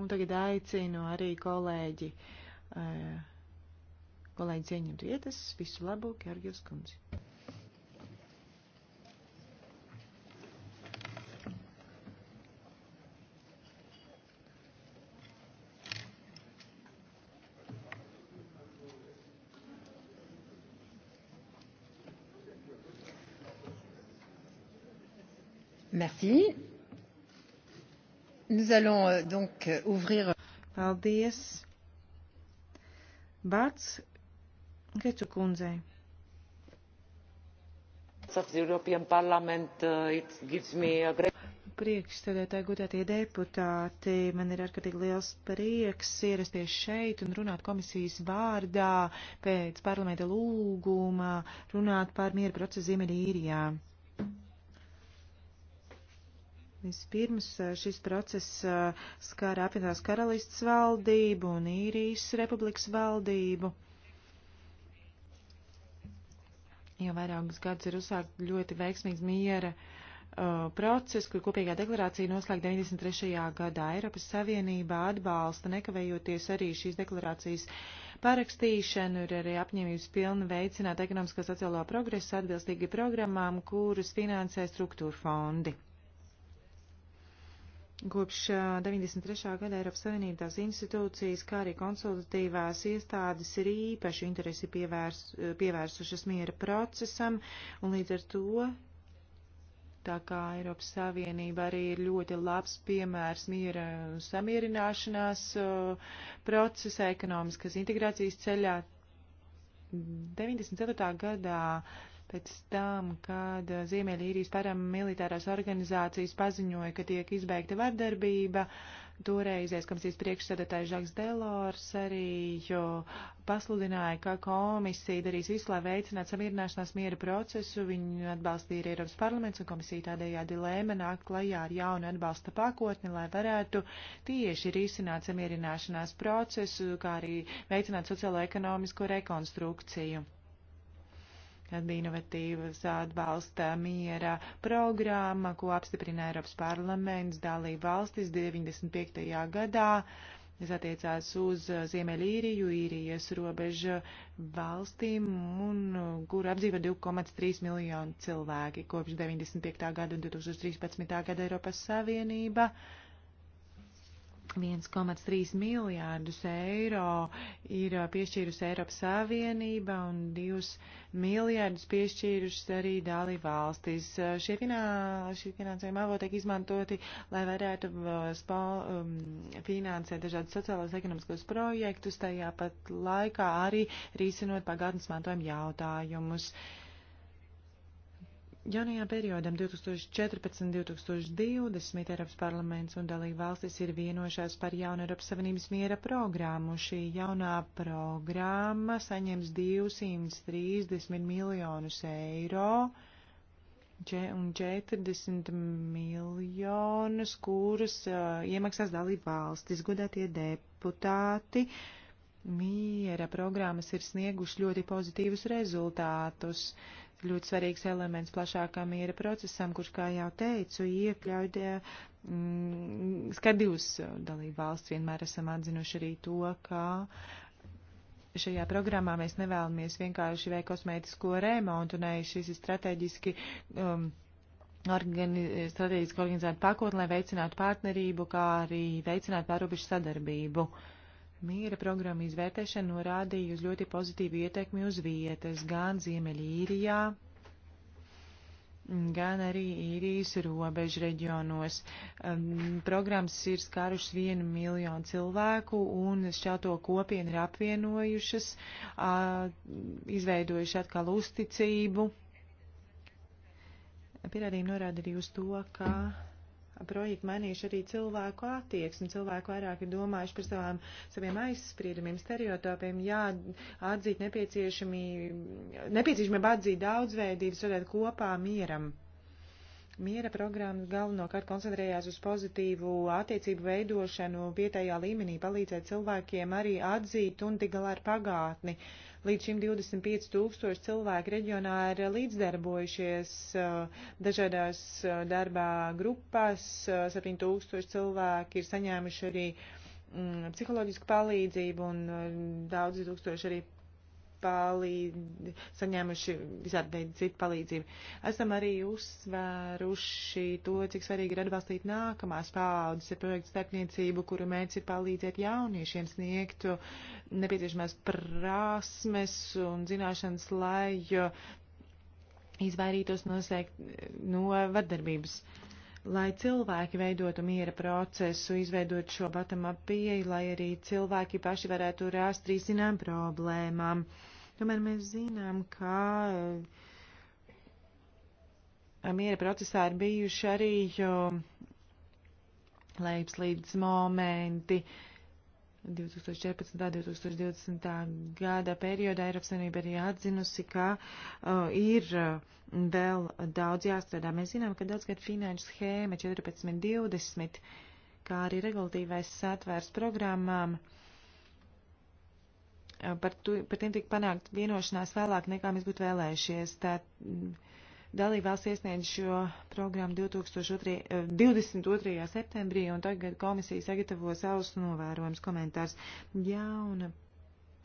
Un tagad aicinu arī kolēģi, eh, kolēģi ieņemt vietas. Visu labu, Georgijas kundzi! merci. Nous allons euh, donc euh, ouvrir. Euh, Paldies. Vārds Greču kundzei. Uh, Priekšsēdētāji, gudētie deputāti, man ir ārkārtīgi liels prieks ierasties šeit un runāt komisijas vārdā pēc parlamenta lūguma, runāt par mieru procesu Ziemeļīrijā. Vispirms šis process skāra apvienotās karalists valdību un īrijas republikas valdību. Jau vairākus gadus ir uzsākt ļoti veiksmīgs miera uh, process, kur kopīgā deklarācija noslēgta 93. gadā. Eiropas Savienība atbalsta nekavējoties arī šīs deklarācijas parakstīšanu, ir arī apņēmības pilna veicināt ekonomiskā sociālo progresu atbilstīgi programmām, kuras finansē struktūra fondi. Kopš 93. gada Eiropas Savienības institūcijas, kā arī konsultatīvās iestādes ir īpaši interesi pievērs, pievērsušas miera procesam, un līdz ar to, tā kā Eiropas Savienība arī ir ļoti labs piemērs miera samierināšanās procesa ekonomiskas integrācijas ceļā, 94. gadā pēc tam, kad uh, Ziemeļīrijas paramilitārās organizācijas paziņoja, ka tiek izbeigta vardarbība, toreizies komisijas priekšsēdētājs Žaks Delors arī pasludināja, ka komisija darīs visu, lai veicinātu samierināšanās miera procesu. Viņu atbalstīja arī Eiropas parlaments un komisija tādējādi lēma nākt klajā ar jaunu atbalsta pakotni, lai varētu tieši risināt samierināšanās procesu, kā arī veicināt sociālo ekonomisko rekonstrukciju. Tad bija inovatīvas atbalsta miera programma, ko apstiprina Eiropas parlaments dalību valstis 95. gadā. Tas attiecās uz Ziemeļīriju, īrijas robeža valstīm, un, kur apdzīvo 2,3 miljonu cilvēki kopš 95. gada un 2013. gada Eiropas Savienība. Uh, 1,3 miljārdus eiro ir uh, piešķīrusi Eiropas Savienība un 2 miljārdus piešķīrušas arī dāli valstis. Uh, šie, finā, šie finansējuma avoti tiek izmantoti, lai varētu uh, spo, um, finansēt dažādus sociālos ekonomiskos projektus, tajā pat laikā arī risinot pagātnes mantojuma jautājumus. Uh, Jaunajā periodam 2014-2020 Eiropas parlaments un dalība valstis ir vienošās par jaunu Eiropas Savienības miera programmu. Šī jaunā programma saņems 230 miljonus eiro un 40 miljonus, kurus uh, iemaksās dalība valstis, godētie deputāti. Miera programmas ir snieguši ļoti pozitīvus rezultātus ļoti svarīgs elements plašākā miera procesam, kurš, kā jau teicu, iekļauj eh, mm, skatījus eh, dalību valsts. Vienmēr esam atzinuši arī to, ka šajā programmā mēs nevēlamies vienkārši vai kosmētisko remontu, ne šis ir strateģiski. Um, Organi strateģiski organizēt pakotni, lai veicinātu partnerību, kā arī veicinātu pārobežu sadarbību. Uh, Mīra programma izvērtēšana norādīja uz ļoti pozitīvu ietekmi uz vietas gan Ziemeļīrijā, gan arī īrijas robežu reģionos. Um, programmas ir skārušas vienu miljonu cilvēku un šāto kopienu ir apvienojušas, uh, izveidojuši atkal uzticību. Pierādījumi norāda arī uz to, ka projekti mainījuši arī cilvēku attieksmi. Cilvēki vairāk ir domājuši par savām, saviem aizspriedumiem, stereotopiem. Jā, atzīt nepieciešamību atzīt daudzveidības, radēt kopā mieram. Miera programma galvenokārt koncentrējās uz pozitīvu attiecību veidošanu vietējā līmenī, palīdzēt cilvēkiem arī atzīt un tik galā ar pagātni. Uh, Līdz šim 25 tūkstoši cilvēki reģionā ir līdzdarbojušies eh, dažādās eh, darbā grupās, 7 eh, tūkstoši cilvēki ir saņēmuši arī mm, psiholoģisku palīdzību un daudzi tūkstoši arī palīd, saņēmuši visādi veidi citu palīdzību. Esam arī uzsvēruši to, cik svarīgi ir atbalstīt nākamās paaudzes ar projektu starpniecību, kuru mērķis ir palīdzēt jauniešiem sniegt nepieciešamās prasmes un zināšanas, lai izvairītos nosēkt no vardarbības lai cilvēki veidotu miera procesu, izveidot šo bottom-up pieeju, lai arī cilvēki paši varētu rast risinājumu problēmām. Uh, Tomēr mēs zinām, ka eh, miera procesā ir bijuši arī lejupslīdes momenti. 2014. un 2020. gada periodā Eiropas Savienība arī atzinusi, ka uh, ir uh, vēl daudz jāstrādā. Mēs zinām, ka daudzgad finanšu schēma 14.20, kā arī regulatīvais satvērs programmām uh, Eh, par, tu, par tiem tika panākt vienošanās vēlāk, nekā mēs būtu vēlējušies. Tā mm, dalībvalsts iesniedz šo programmu 2002, 22. Eh, septembrī, un tagad komisija sagatavo savus novērojums komentārs. Jauna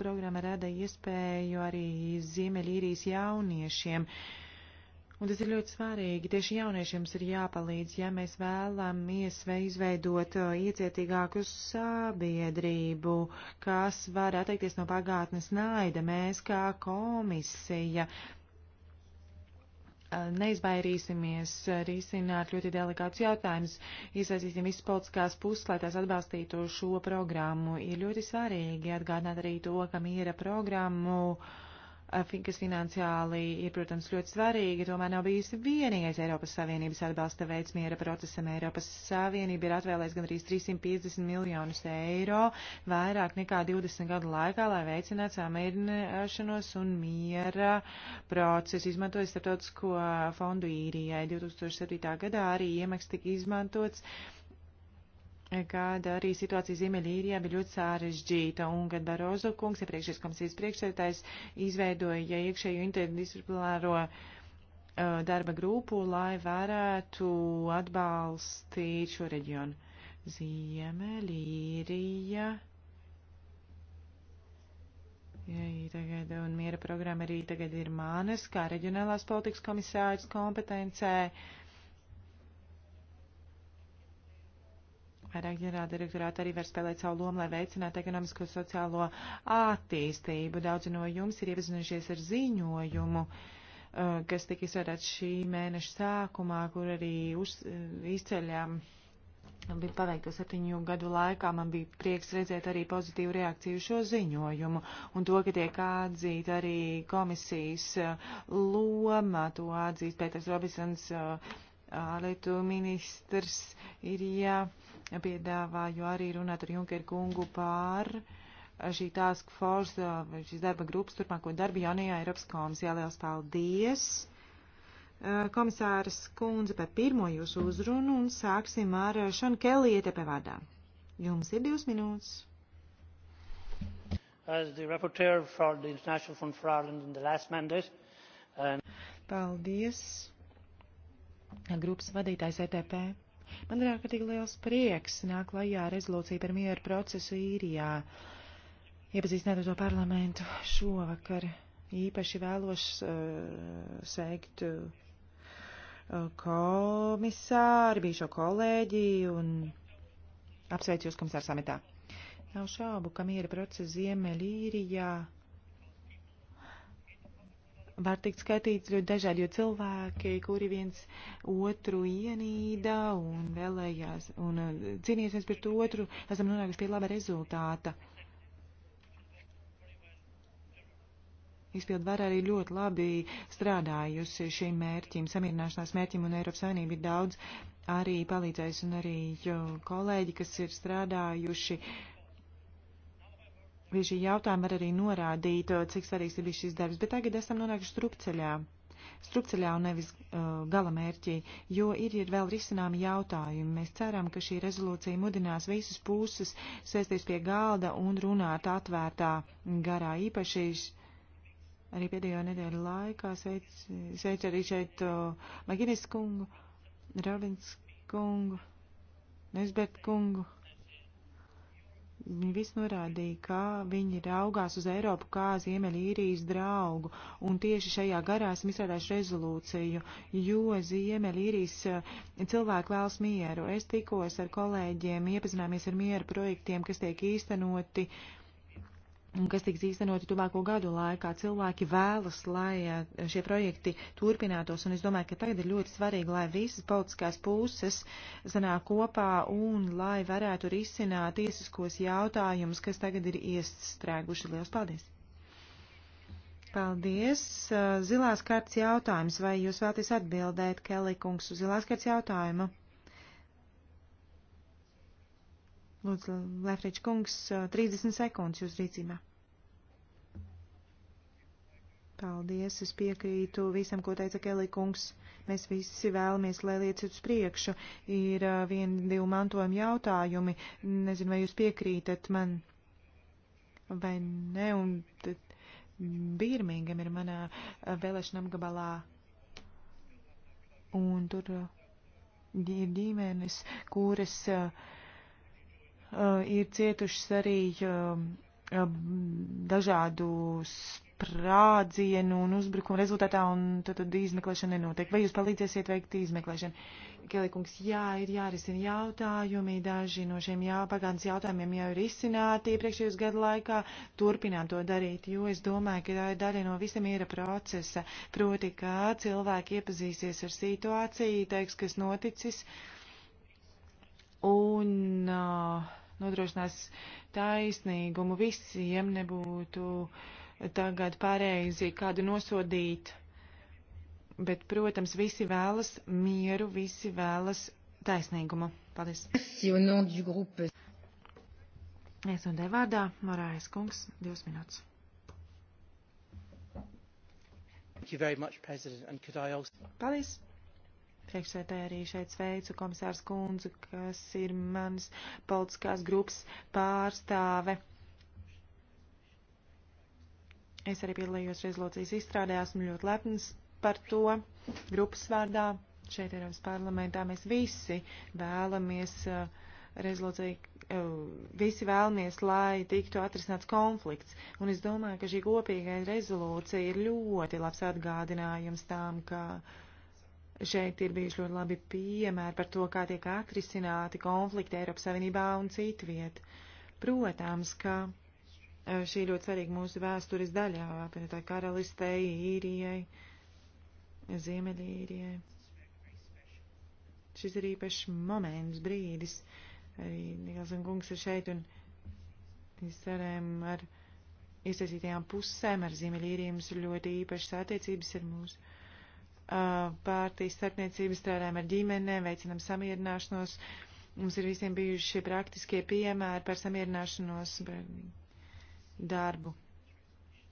programma rada iespēju arī Ziemeļīrijas jauniešiem. Uh, Un tas ir ļoti svarīgi. Tieši jauniešiem ir jāpalīdz, ja mēs vēlamies izveidot uh, iecietīgāku sabiedrību, kas var atteikties no pagātnes naida. Mēs kā komisija uh, neizvairīsimies risināt ļoti delikātus jautājumus, iesaistīsim visas politiskās puses, lai tās atbalstītu šo programmu. Ir ļoti svarīgi atgādināt arī to, ka miera programmu uh, Eh, kas finansiāli ir, protams, ļoti svarīga, tomēr nav bijusi vienīgais Eiropas Savienības atbalsta veids miera procesam. Eiropas Savienība ir atvēlējis gandrīz 350 miljonus eiro vairāk nekā 20 gadu laikā, lai veicinātu samierināšanos un miera procesu, izmantojot starptautisko fondu īrijai. 2007. gadā arī iemaks tika izmantots. Uh, kāda arī situācija Ziemeļīrijā bija ļoti sārežģīta, un kad Barozo kungs, iepriekšējais komisijas priekšsētājs, izveidoja iekšēju interdisciplināro uh, darba grupu, lai varētu atbalstīt šo reģionu. Ziemeļīrija. Jā, tagad, un miera programma arī tagad ir manas, kā reģionālās politikas komisārs kompetencē. Uh, Vairāk ģenerāla direktorāta arī var spēlēt savu lomu, lai veicinātu ekonomisko sociālo attīstību. Daudzi no jums ir iepazinušies ar ziņojumu, uh, kas tika izsvērēts šī mēneša sākumā, kur arī uz, uh, izceļām. Bija paveikto septiņu gadu laikā, man bija prieks redzēt arī pozitīvu reakciju šo ziņojumu un to, ka tiek atzīta arī komisijas uh, loma, to atzīst Pēters Robisons, ārlietu ministrs, ir jā. Ja, piedāvāju arī runāt ar Junkeru kungu pār šī task force, šīs darba grupas turpmāko darbu jaunajā Eiropas komisijā. Liels paldies! Komisāras kundze par pirmo jūsu uzrunu un sāksim ar Šanu Keliete pevādā. Jums ir divas minūtes. As the rapporteur for the International Fund for Ireland in the last mandate. And... Paldies. Grupas vadītājs ETP Man ir ārkārtīgi liels prieks nāk lajā rezolūcija par mieru procesu īrijā. Iepazīstināt ar to parlamentu šovakar. Īpaši vēlos uh, sveikt uh, eh, komisāru, bijušo kolēģi un apsveicu jūs komisāru samitā. Nav šaubu, ka miera procesa Ziemeļīrijā var tikt skatīts ļoti dažādi, jo cilvēki, kuri viens otru ienīda un vēlējās un uh, cīnījās viens pret otru, esam nonākuši pie laba rezultāta. Izpildu var arī ļoti labi strādājusi šīm mērķim, samierināšanās mērķim, un Eiropas Savienība ir daudz arī palīdzējusi, un arī kolēģi, kas ir strādājuši uh, Bija šī jautājuma arī norādīt, uh, cik svarīgs ir bijis šis darbs, bet tagad esam nonākuši strupceļā. Strupceļā un nevis uh, galamērķī, jo ir, ir vēl risināmi jautājumi. Mēs ceram, ka šī rezolūcija mudinās visas puses sēsties pie galda un runāt atvērtā garā īpašīs. Arī pēdējo nedēļu laikā sveicu sveic arī šeit uh, Maginis kungu, Ravins kungu, Nesbert kungu Viņi visi norādīja, ka viņi raugās uz Eiropu kā Ziemeļīrijas draugu, un tieši šajā garā esam izstrādājuši rezolūciju, jo Ziemeļīrijas eh, cilvēki vēlas mieru. Es tikos ar kolēģiem, iepazināmies ar miera projektiem, kas tiek īstenoti uh, kas tiks īstenoti tuvāko gadu laikā. Cilvēki vēlas, lai eh, šie projekti turpinātos, un es domāju, ka tagad ir ļoti svarīgi, lai visas politiskās puses sanāk kopā un lai varētu risināt tiesiskos jautājumus, kas tagad ir iestrēguši. Lielas paldies! Paldies! Eh, zilās kārtas jautājums. Vai jūs vēlaties atbildēt, Kelikungs, uz zilās kārtas jautājumu? Lūdzu, Lefriča kungs, 30 sekundes jūs rīcībā. Paldies, es piekrītu visam, ko teica Kelī kungs. Mēs visi vēlamies, lai lietas uz priekšu. Ir viena, divi mantojuma jautājumi. Nezinu, vai jūs piekrītat man vai ne, un tad Birmingam ir manā vēlēšana apgabalā. Un tur ir ģimenes, kuras. Uh, Eh, ir cietušas arī eh, dažādu sprādzienu un uzbrukumu rezultātā, un tad, tad izmeklēšana nenotiek. Vai jūs palīdzēsiet veikt izmeklēšanu? Kelikungs, jā, ir jārisina jautājumi, daži no šiem jā, pagātnes jautājumiem jau ir izcināti iepriekšējos gadu laikā, turpinām to darīt, jo es domāju, ka tā ir daļa no visa miera procesa, proti, kā cilvēki iepazīsies ar situāciju, teiks, kas noticis, un. Uh, nodrošinās taisnīgumu visiem, nebūtu tagad pareizi kādu nosodīt. Bet, protams, visi vēlas mieru, visi vēlas taisnīgumu. Paldies. Es un devārdā Morājas kungs, divas minūtes. Paldies. Priekšsētāji arī šeit sveicu komisārs Kundzu, kas ir manas politiskās grupas pārstāve. Es arī piedalījos rezolūcijas izstrādē, esmu ļoti lepns par to grupas vārdā. Šeit Eiropas parlamentā mēs visi vēlamies eh, rezolūciju, eh, visi vēlamies, lai tiktu atrisināts konflikts. Un es domāju, ka šī kopīgā rezolūcija ir ļoti labs atgādinājums tām, ka. Kā Šeit ir bijuši ļoti labi piemēri par to, kā tiek atrisināti konflikti Eiropas Savienībā un citviet. Protams, ka e, šī ļoti svarīga mūsu vēstures daļā, apvienotā karalistei, īrijai, ziemeļīrijai. Šis ir īpašs moments, brīdis. Arī Nikolson kungs ir šeit un izcerēm ar iesaistītajām pusēm, ar ziemeļīrijiem, mums ir ļoti īpašas attiecības ar mūsu pārtīs starpniecības, strādājam ar ģimenēm, veicinam samierināšanos. Mums ir visiem bijuši praktiskie piemēri par samierināšanos par darbu.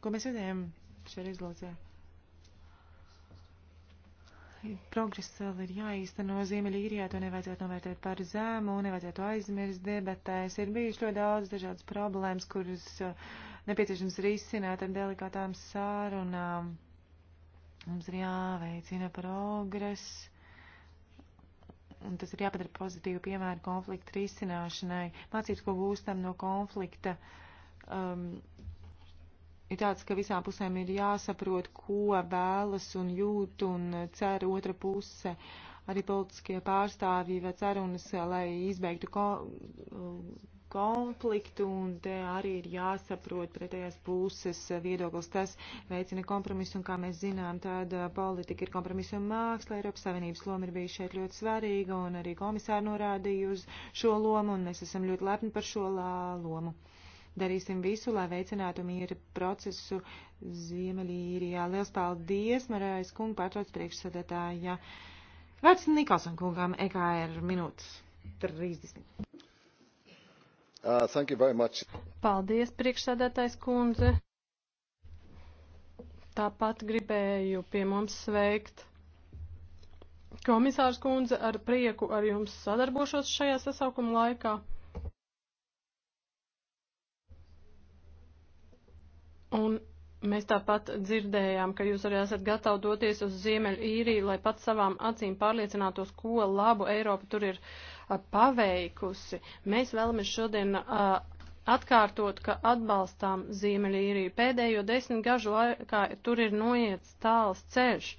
Ko mēs redzējām šajā rezolūcijā? Progress vēl ir jāīsteno Ziemeļīrijā, to nevajadzētu novērtēt par zēmu, nevajadzētu aizmirst debatēs. Ir bijuši ļoti daudz dažādas problēmas, kuras nepieciešams risināt ar delikātām sārunām. Un, Mums ir jāveicina progress, un tas ir jāpadara pozitīvu piemēru konflikta risināšanai. Mācības, ko gūstam no konflikta, um, ir tāds, ka visām pusēm ir jāsaprot, ko vēlas un jūt un cer otra puse. Arī politiskie pārstāvji vai cerunas, lai izbeigtu ko, konfliktu, un te arī ir jāsaprot pretējās puses viedoklis. Tas veicina kompromisu, un kā mēs zinām, tāda uh, politika ir kompromisa māksla. Eiropas Savienības loma ir bijusi šeit ļoti svarīga, un arī komisāri norādīja uz šo lomu, un mēs esam ļoti lepni par šo lomu. Darīsim visu, lai veicinātu mieru procesu Ziemeļīrijā. Liels paldies, Marājas kunga pārtrauc priekšsēdētāja. Vērts Nikolson kungam EKR minūtes 30. Uh, thank you very much. Paldies, priekšsēdētājs kundze. Tāpat gribēju pie mums sveikt komisārs kundze ar prieku ar jums sadarbošos šajā sasaukuma laikā. Un mēs tāpat dzirdējām, ka jūs arī esat gatavi doties uz Ziemeļīriju, lai pat savām acīm pārliecinātos, ko labu Eiropa tur ir uh, paveikusi. Mēs vēlamies šodien uh, atkārtot, ka atbalstām Ziemeļīriju. Pēdējo desmit gažu laikā tur ir noiets tāls ceļš.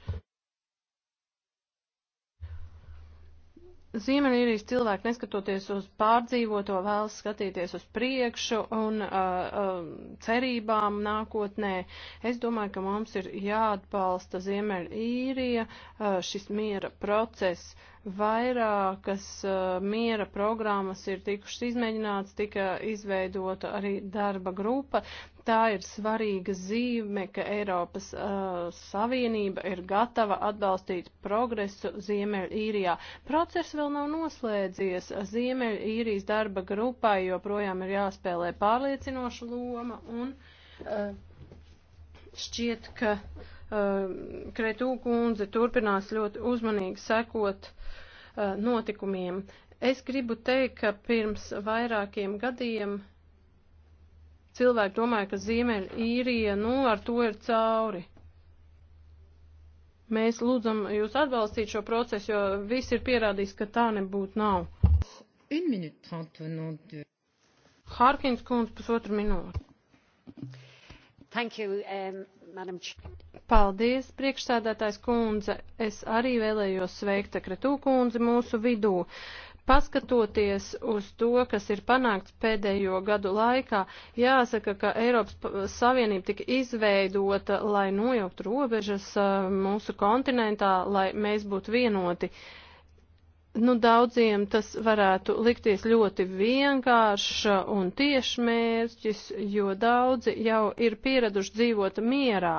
Ziemeļīrijas cilvēki, neskatoties uz pārdzīvoto, vēlas skatīties uz priekšu un uh, uh, cerībām nākotnē. Es domāju, ka mums ir jāatbalsta Ziemeļīrija uh, šis miera process. Vairākas uh, miera programmas ir tikušas izmēģināts, tika izveidota arī darba grupa. Tā ir svarīga zīme, ka Eiropas uh, Savienība ir gatava atbalstīt progresu Ziemeļīrijā. Process vēl nav noslēdzies. Ziemeļīrijas darba grupai joprojām ir jāspēlē pārliecinoša loma un. Uh, šķiet, ka uh, Kretū kundze turpinās ļoti uzmanīgi sekot uh, notikumiem. Es gribu teikt, ka pirms vairākiem gadiem uh, Cilvēki domāja, ka Ziemeļa īrija, nu, ar to ir cauri. Mēs lūdzam jūs atbalstīt šo procesu, jo viss ir pierādījis, ka tā nebūtu nav. Harkins kundze, pusotru minūti. Thank you, um, Madam Paldies, priekšsēdētājs kundze. Es arī vēlējos sveikt Kretū kundzi mūsu vidū. Paskatoties uz to, kas ir panākts pēdējo gadu laikā, jāsaka, ka Eiropas Savienība tika izveidota, lai nojauktu robežas uh, mūsu kontinentā, lai mēs būtu vienoti. Uh, Nu, daudziem tas varētu likties ļoti vienkāršs un tiešmērķis, jo daudzi jau ir pieraduši dzīvot mierā,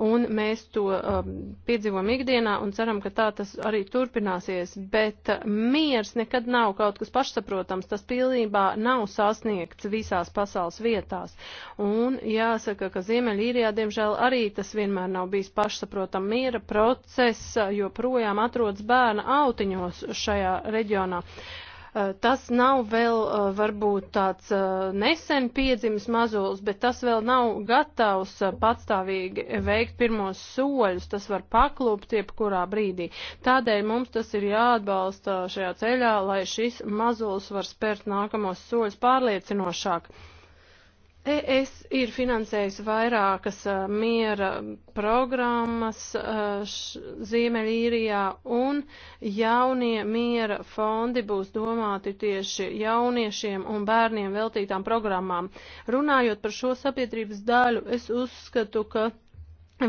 un mēs to um, piedzīvojam ikdienā un ceram, ka tā tas arī turpināsies, bet uh, miers nekad nav kaut kas pašsaprotams, tas pilnībā nav sasniegts visās pasaules vietās, un jāsaka, ka Ziemeļīrijā, diemžēl, arī tas vienmēr nav bijis pašsaprotam miera process, jo projām atrodas bērna autiņos šajā reģionā. Eh, tas nav vēl eh, varbūt tāds eh, nesen piedzimis mazulis, bet tas vēl nav gatavs patstāvīgi veikt pirmos soļus, tas var paklūpt jebkurā brīdī. Tādēļ mums tas ir jāatbalsta šajā ceļā, lai šis mazulis var spērt nākamos soļus pārliecinošāk. Es ir finansējusi vairākas miera programmas Ziemeļīrijā, un jaunie miera fondi būs domāti tieši jauniešiem un bērniem veltītām programmām. Runājot par šo sabiedrības daļu, es uzskatu, ka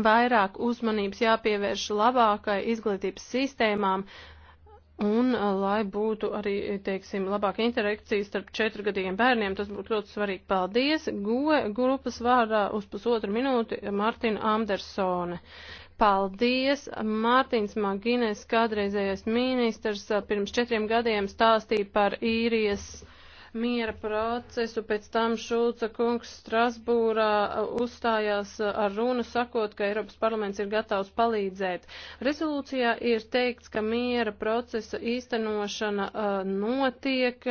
vairāk uzmanības jāpievērš labākai izglītības sistēmām, Un, lai būtu arī, teiksim, labāka interakcija starp četrgadīgiem bērniem, tas būtu ļoti svarīgi. Paldies! Goe grupas vārdā uz pusotru minūti Martina Andersone. Paldies! Mārtiņš Magines, kādreizējais ministrs, pirms četriem gadiem stāstīja par īrijas miera procesu, pēc tam Šulca kungs Strasbūrā uh, uzstājās uh, ar runu sakot, ka Eiropas parlaments ir gatavs palīdzēt. Rezolūcijā ir teikts, ka miera procesa īstenošana uh, notiek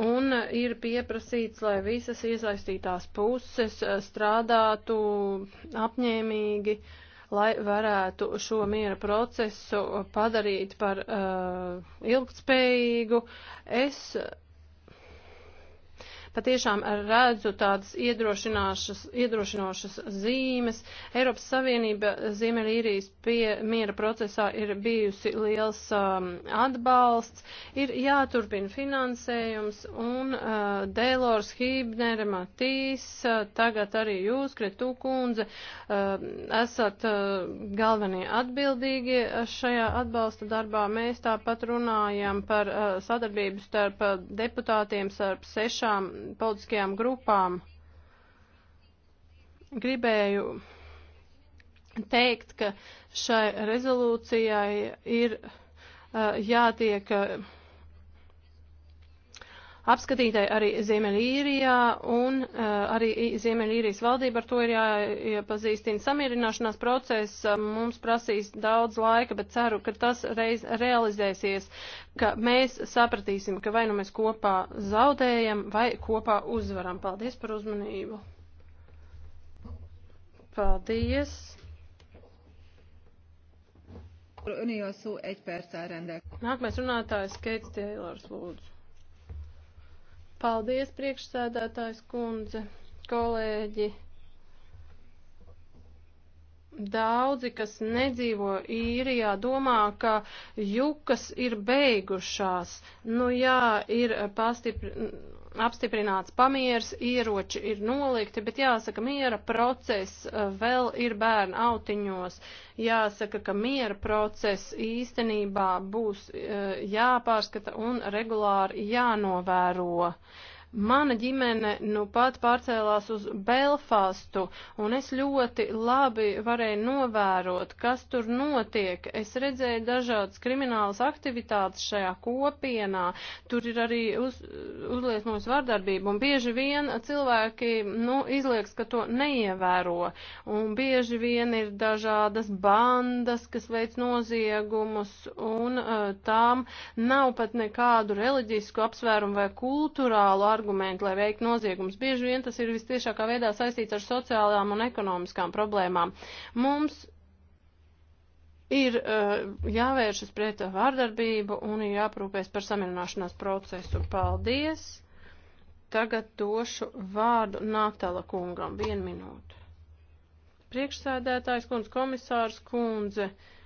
un ir pieprasīts, lai visas iesaistītās puses strādātu apņēmīgi, lai varētu šo miera procesu padarīt par uh, ilgtspējīgu. Es patiešām redzu tādas iedrošinošas zīmes. Eiropas Savienība Ziemeļīrijas pie miera procesā ir bijusi liels um, atbalsts, ir jāturpina finansējums un uh, Dēlors Hībnere Matīs, uh, tagad arī jūs, Kretu kundze, uh, esat uh, galvenie atbildīgi uh, šajā atbalsta darbā. Mēs tāpat runājam par uh, sadarbību starp uh, deputātiem, starp sešām politiskajām grupām. Gribēju teikt, ka šai rezolūcijai ir uh, jātiek uh, apskatītāji arī Ziemeļīrijā, un uh, arī Ziemeļīrijas valdība ar to ir jāiepazīstina. Samierināšanās process eh, mums prasīs daudz laika, bet ceru, ka tas reiz realizēsies, ka mēs sapratīsim, ka vai nu mēs kopā zaudējam, vai kopā uzvaram. Paldies par uzmanību. Paldies. Nākamais runātājs Keits Teilors, lūdzu. Paldies, priekšsēdētājs kundze, kolēģi. Daudzi, kas nedzīvo īrijā, domā, ka jukas ir beigušās. Nu jā, ir pastiprinājums apstiprināts pamieris, ieroči ir nolikti, bet jāsaka, miera process eh, vēl ir bērnu autiņos. Jāsaka, ka miera process īstenībā būs eh, jāpārskata un regulāri jānovēro. Mana ģimene nu pat pārcēlās uz Belfastu, un es ļoti labi varēju novērot, kas tur notiek. Es redzēju dažādas kriminālas aktivitātes šajā kopienā, tur ir arī uz, uzliesmojis vardarbība, un bieži vien cilvēki, nu, izlieks, ka to neievēro, un bieži vien ir dažādas bandas, kas veic noziegumus, un uh, tām nav pat nekādu reliģisku apsvērumu vai kultūrālu argumentu argumenti, lai veiktu noziegumus. Bieži vien tas ir vistiešākā veidā saistīts ar sociālām un ekonomiskām problēmām. Mums ir uh, jāvēršas pret vārdarbību un ir jāprūpēs par samierināšanās procesu. Paldies! Tagad došu vārdu Nātala kungam. Vienu minūtu. Priekšsēdētājs kundze, komisārs kundze. Uh,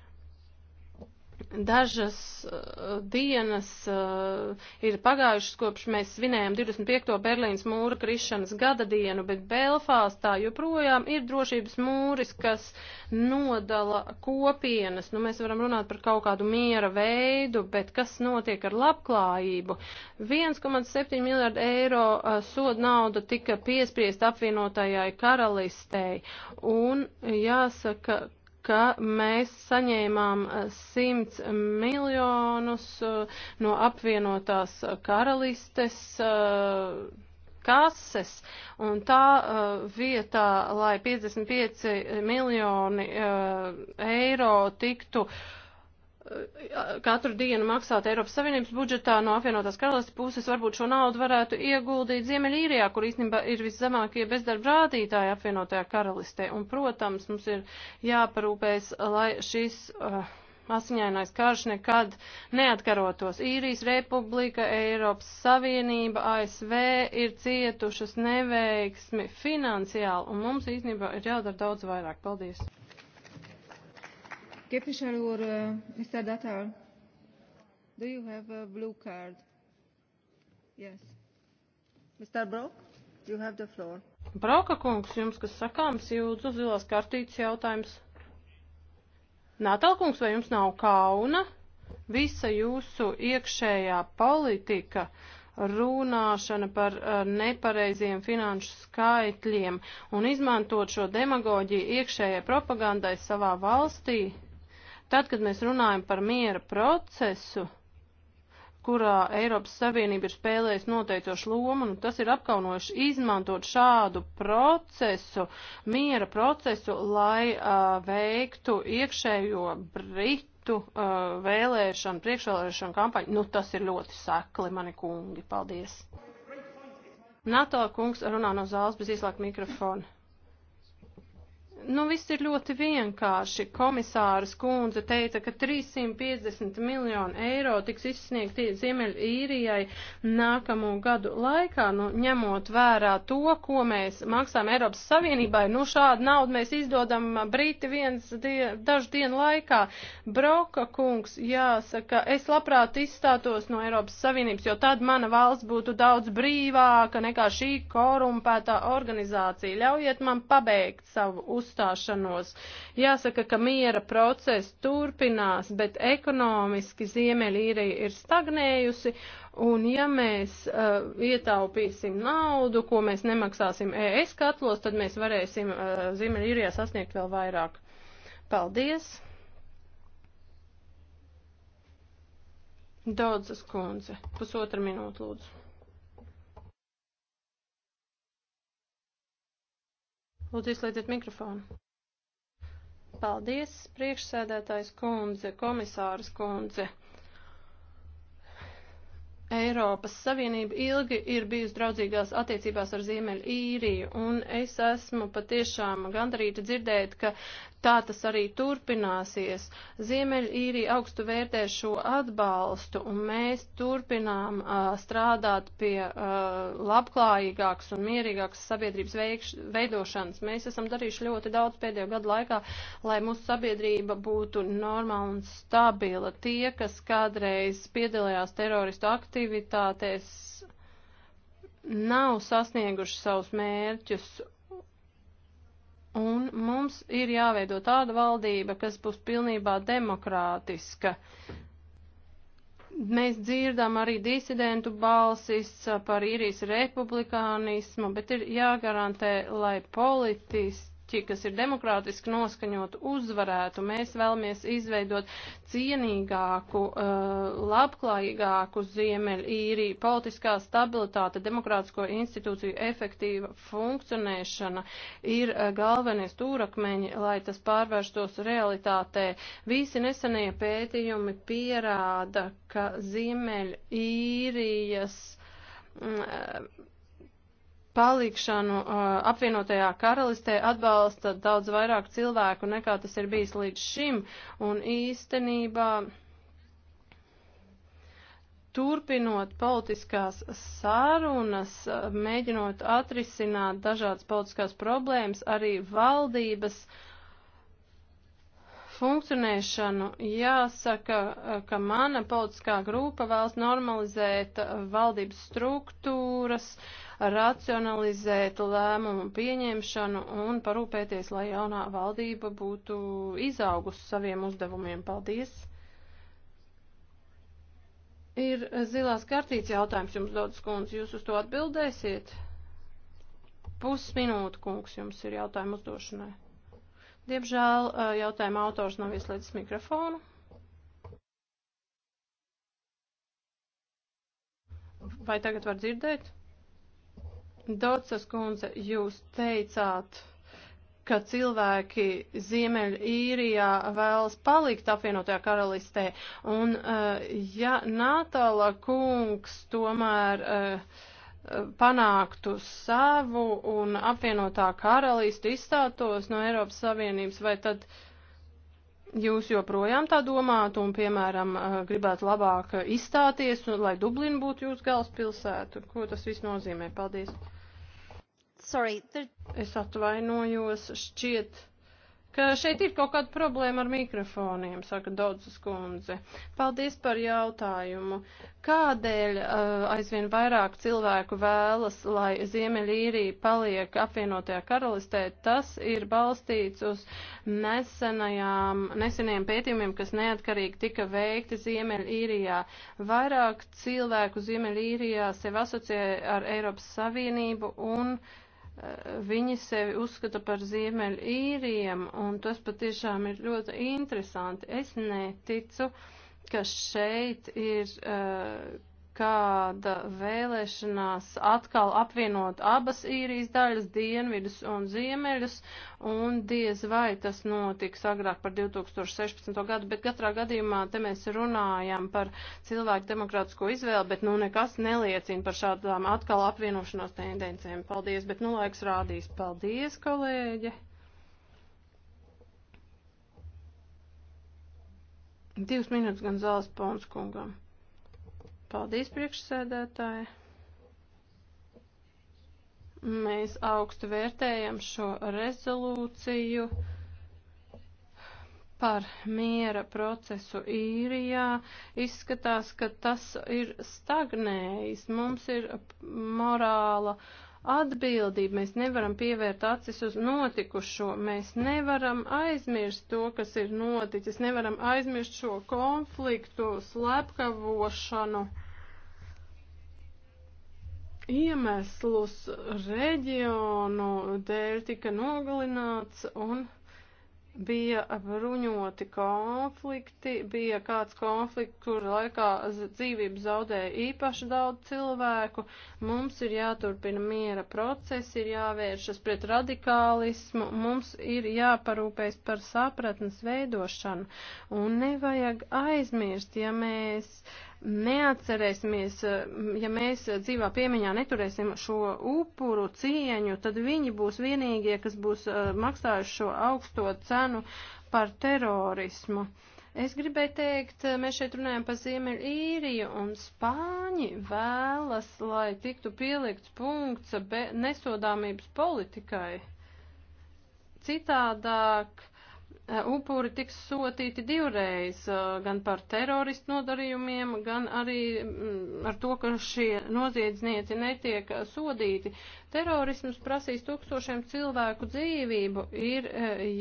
Dažas uh, dienas uh, ir pagājušas kopš mēs svinējam 25. Berlīnas mūra krišanas gada dienu, bet Belfāstā joprojām ir drošības mūris, kas nodala kopienas. Nu, mēs varam runāt par kaut kādu miera veidu, bet kas notiek ar labklājību? 1,7 miljārdu eiro uh, soda nauda tika piespriest apvienotajai karalistei. Un jāsaka, ka mēs saņēmām 100 eh, miljonus eh, no apvienotās karalistes eh, kases, un tā uh, vietā, lai 55 miljoni uh, eiro tiktu uh, katru dienu maksāt Eiropas Savienības budžetā no apvienotās karalistas puses, varbūt šo naudu varētu ieguldīt Ziemeļīrijā, kur īstenībā ir viszemākie bezdarba rādītāji apvienotajā karalistē. Un, protams, mums ir jāparūpēs, lai šis. Uh, Asiņainais karš nekad neatkarotos. Īrijas republika, Eiropas Savienība, ASV ir cietušas neveiksmi finansiāli, un mums īstenībā ir jādara daudz vairāk. Paldies! Képviselő úr, uh, Mr. Datal, do you have a blue card? Yes. Mr. Brock, you have the floor. Brauka kungs, jums kas sakāms, jūdzu zilās kartītes jautājums. Natal kungs, vai jums nav kauna? Visa jūsu iekšējā politika runāšana par uh, nepareiziem finanšu skaitļiem un izmantot šo demagoģiju iekšējai propagandai savā valstī, Tad, kad mēs runājam par miera procesu, kurā Eiropas Savienība ir spēlējusi noteicošu lomu, nu tas ir apkaunojuši izmantot šādu procesu, miera procesu, lai uh, veiktu iekšējo britu uh, vēlēšanu, priekšvēlēšanu kampaņu. Nu tas ir ļoti sekli, mani kungi. Paldies. NATO kungs runā no zāles bez izslēgta mikrofona. Nu, viss ir ļoti vienkārši. Komisāras kundze teica, ka 350 miljonu eiro tiks izsniegti Ziemeļīrijai nākamo gadu laikā, nu, ņemot vērā to, ko mēs maksājam Eiropas Savienībai. Nu, šādu naudu mēs izdodam brīti viens die, dažu dienu laikā. Broka kungs, jāsaka, es labprāt izstātos no Eiropas Savienības, jo tad mana valsts būtu daudz brīvāka nekā šī korumpētā organizācija. Ļaujiet man pabeigt savu uzstāšanos uzstāšanos. Jāsaka, ka miera process turpinās, bet ekonomiski Ziemeļīrija ir stagnējusi, un ja mēs uh, ietaupīsim naudu, ko mēs nemaksāsim ES katlos, tad mēs varēsim uh, Ziemeļīrijā sasniegt vēl vairāk. Paldies! Daudzas kundze, pusotra minūte lūdzu. Lūdzu, izslēdziet mikrofonu. Paldies, priekšsēdētājs kundze, komisāras kundze. Eiropas Savienība ilgi ir bijusi draudzīgās attiecībās ar Ziemeļīriju, un es esmu patiešām gandarīta dzirdēt, ka Tā tas arī turpināsies. Ziemeļīrija augstu vērtē šo atbalstu, un mēs turpinām uh, strādāt pie uh, labklājīgākas un mierīgākas sabiedrības veikš, veidošanas. Mēs esam darījuši ļoti daudz pēdējo gadu laikā, lai mūsu sabiedrība būtu normāla un stabila. Tie, kas kādreiz piedalījās teroristu aktivitātēs, nav sasnieguši savus mērķus Un mums ir jāveido tāda valdība, kas būs pilnībā demokrātiska. Mēs dzirdam arī disidentu balsis par īrijas republikānismu, bet ir jāgarantē, lai politisti politiķi, kas ir demokrātiski noskaņot, uzvarētu. Mēs vēlamies izveidot cienīgāku, uh, labklājīgāku Ziemeļīriju, politiskā stabilitāte, demokrātisko institūciju efektīva funkcionēšana ir uh, galvenie stūrakmeņi, lai tas pārvērstos realitātē. Visi nesenie pētījumi pierāda, ka Ziemeļīrijas mm, palikšanu uh, apvienotajā karalistē atbalsta daudz vairāk cilvēku nekā tas ir bijis līdz šim, un īstenībā turpinot politiskās sarunas, uh, mēģinot atrisināt dažādas politiskās problēmas, arī valdības uh, funkcionēšanu. Jāsaka, eh, ka mana politiskā grupa vēlas normalizēt eh, valdības struktūras, racionalizēt lēmumu pieņemšanu un parūpēties, lai jaunā valdība būtu izaugusi saviem uzdevumiem. Paldies! Ir eh, zilās kartīts jautājums jums, Dodas kundze, jūs uz to atbildēsiet? Pusminūte, kungs, jums ir jautājumu uzdošanai. Diemžēl eh, jautājuma autors nav ieslēdzis mikrofonu. Vai tagad var dzirdēt? Docas kundze, jūs teicāt, ka cilvēki Ziemeļīrijā vēlas palikt apvienotajā karalistē, un eh, ja Natāla kungs tomēr uh, panāktu savu un apvienotā karalista izstātos no Eiropas Savienības, vai tad jūs joprojām tā domātu un, piemēram, eh, gribētu labāk izstāties, un, lai Dublina būtu jūsu galvaspilsēta? Ko tas viss nozīmē? Paldies! Sorry, there... Es atvainojos, šķiet ka šeit ir kaut kāda problēma ar mikrofoniem, saka Daudzas kundze. Paldies par jautājumu. Kādēļ uh, aizvien vairāk cilvēku vēlas, lai Ziemeļīrija paliek apvienotajā karalistē? Tas ir balstīts uz nesenajiem pētījumiem, kas neatkarīgi tika veikti Ziemeļīrijā. Vairāk cilvēku Ziemeļīrijā sev asociē ar Eiropas Savienību un uh, viņi sevi uzskata par ziemeļu īriem, un tas patiešām ir ļoti interesanti. Es neticu, ka šeit ir uh, kāda vēlēšanās atkal apvienot abas īrijas daļas, dienvidus un ziemeļus, un diez vai tas notiks agrāk par 2016. gadu, bet katrā gadījumā te mēs runājam par cilvēku demokrātisko izvēli, bet nu nekas neliecina par šādām atkal apvienošanās tendencēm. Paldies, bet nu laiks rādīs. Paldies, kolēģi! 2 minūtes gan zāles Pons kungam. Paldies, priekšsēdētāji. Mēs augstu vērtējam šo rezolūciju par miera procesu īrijā, izskatās, ka tas ir stagnējis. Mums ir morāla atbildība. Mēs nevaram pievērt acis uz notikušo. Mēs nevaram aizmirst to, kas ir noticis. Nevaram aizmirst šo konfliktu, slepkavošanu iemeslus reģionu dēļ tika nogalināts un bija bruņoti konflikti, bija kāds konflikts, kur laikā dzīvību zaudēja īpaši daudz cilvēku. Mums ir jāturpina miera process, ir jāvēršas pret radikālismu, mums ir jāparūpēs par sapratnes veidošanu. Un nevajag aizmirst, ja mēs uh, neatcerēsimies, eh, ja mēs dzīvā piemiņā neturēsim šo upuru cieņu, tad viņi būs vienīgie, kas būs eh, maksājuši šo augsto cenu par terorismu. Es gribēju teikt, eh, mēs šeit runājam par Ziemeļīriju un Spāņi vēlas, lai tiktu pielikts punkts nesodāmības politikai. Citādāk Eh, upuri tiks sotīti divreiz, eh, gan par teroristu nodarījumiem, gan arī mm, ar to, ka šie noziedznieci netiek eh, sodīti. Terorisms prasīs tūkstošiem cilvēku dzīvību, ir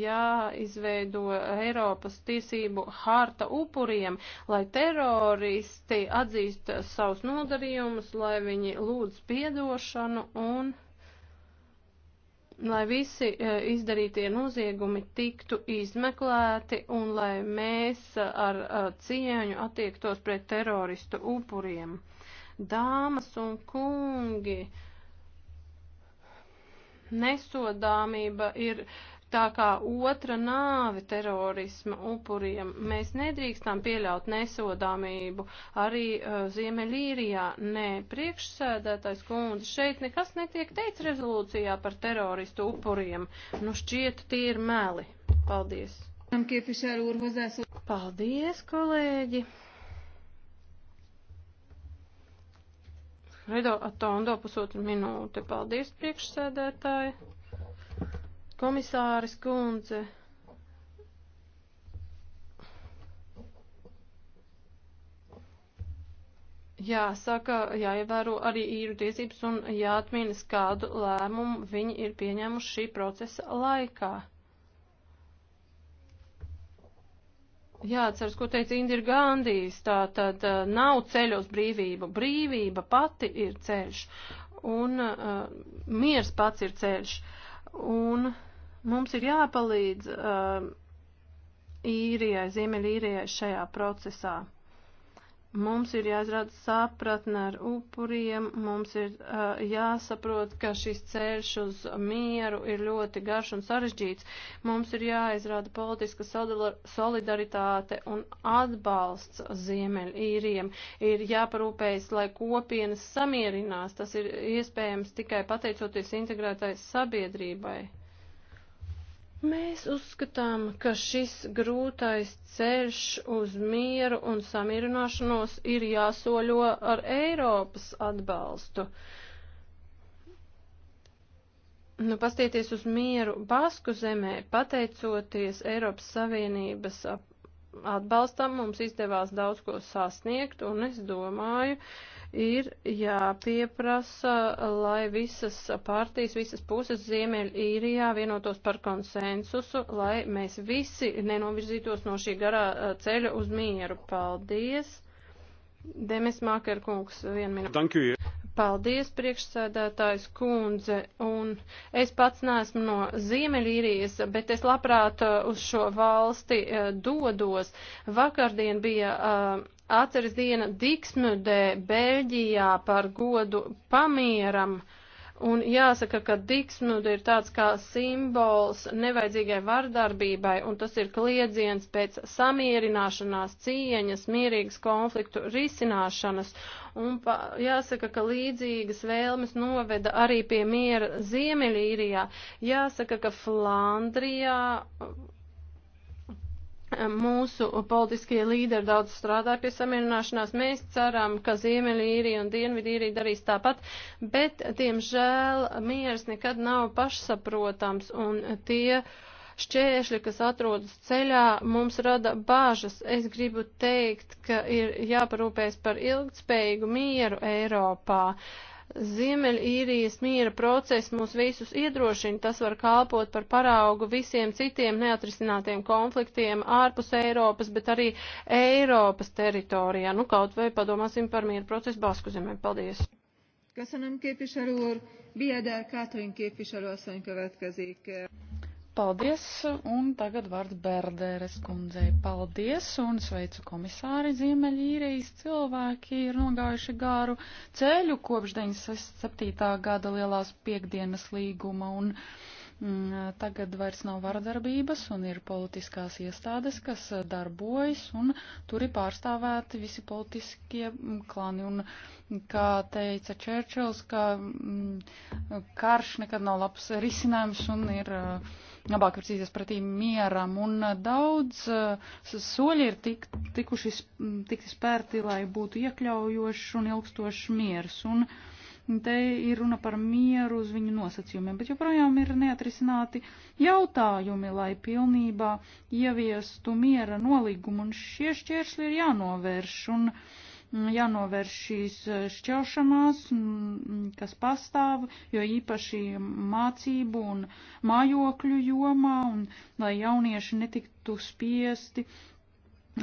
jāizveido Eiropas tiesību harta upuriem, lai teroristi atzīst savus nodarījumus, lai viņi lūdz piedošanu un lai visi e, izdarītie noziegumi tiktu izmeklēti un lai mēs ar e, cieņu attiektos pret teroristu upuriem. Dāmas un kungi, nesodāmība ir uh, tā kā otra nāve terorisma upuriem. Mēs nedrīkstam pieļaut nesodāmību arī uh, Ziemeļīrijā. Nē, priekšsēdētājs kundze, šeit nekas netiek teikts rezolūcijā par teroristu upuriem. Nu šķiet, tie ir meli. Paldies. Paldies, kolēģi. Redo Atondo pusotru minūti. Paldies, priekšsēdētāji. Komisāris kundze. Jāsaka, jāievēro arī īru tiesības un jāatminas, kādu lēmumu viņi ir pieņēmuši šī procesa laikā. Jāatceras, ko teica Indira Gandijs, tā tad eh, nav ceļos brīvība, brīvība pati ir ceļš un uh, miers pats ir ceļš. Uh, Un mums ir jāpalīdz uh, īrijai, Ziemeļīrijai šajā procesā. Mums ir jāizrāda sapratne ar upuriem, mums ir uh, jāsaprot, ka šis ceļš uz mieru ir ļoti garš un sarežģīts. Mums ir jāizrāda politiska solidaritāte un atbalsts Ziemeļīriem. Ir jāparūpējas, lai kopienas samierinās. Tas ir iespējams tikai pateicoties integrētai sabiedrībai. Mēs uzskatām, ka šis grūtais ceļš uz mieru un samierināšanos ir jāsoļo ar Eiropas atbalstu. Nu, pastieties uz mieru Basku zemē, pateicoties Eiropas Savienības atbalstam, mums izdevās daudz ko sasniegt, un es domāju, ir jāpieprasa, lai visas partijas, visas puses Ziemeļīrijā vienotos par konsensusu, lai mēs visi nenovirzītos no šī garā eh, ceļa uz mieru. Paldies! Demis Mākerkungs, vienu minūti. Paldies, priekšsēdētājs kundze, un es pats neesmu no Ziemeļīrijas, bet es labprāt uh, uz šo valsti uh, dodos. Vakardien bija uh, atceres diena Diksmudē, Beļģijā par godu pamieram. Uh, Un jāsaka, ka diksmuda ir tāds kā simbols nevajadzīgai vardarbībai, un tas ir kliedziens pēc samierināšanās, cieņas, mierīgas konfliktu risināšanas. Un pa, jāsaka, ka līdzīgas vēlmes noveda arī pie miera Ziemeļīrijā. Jāsaka, ka Flandrijā Mūsu politiskie līderi daudz strādāja pie samierināšanās. Mēs ceram, ka Ziemeļīrija un Dienvidīrija darīs tāpat, bet, diemžēl, miers nekad nav pašsaprotams un tie šķēršļi, kas atrodas ceļā, mums rada bāžas. Es gribu teikt, ka ir jāparūpēs par ilgtspējīgu mieru Eiropā. Uh, Ziemeļīrijas miera process mūs visus iedrošina, tas var kalpot par paraugu visiem citiem neatrisinātiem konfliktiem ārpus Eiropas, bet arī Eiropas teritorijā. Nu, kaut vai padomāsim par miera procesu Basku zemē. Paldies! Köszönöm képviselő úr, Biedel Kátrin képviselőasszony következik. Paldies, un tagad vārds Berdēres kundzei. Paldies, un sveicu komisāri Ziemeļīrijas cilvēki ir nogājuši gāru ceļu kopš 97. gada lielās piekdienas līguma, un mm, tagad vairs nav vardarbības, un ir politiskās iestādes, kas darbojas, un tur ir pārstāvēti visi politiskie mm, klani, un kā teica Čērčils, ka mm, karš nekad nav labs risinājums, un ir. Uh, labāk virzīties pretī mieram, un uh, daudz uh, soļi ir tik, tikuši tikti spērti, lai būtu iekļaujošs un ilgstošs miers. Un, Te ir runa par mieru uz viņu nosacījumiem, bet joprojām ir neatrisināti jautājumi, lai pilnībā ieviestu miera nolīgumu, un šie šķēršļi ir jānovērš, un uh, jānovērš šīs eh, šķelšanās, kas pastāv, jo īpaši mācību un mājokļu jomā, un lai jaunieši netiktu spiesti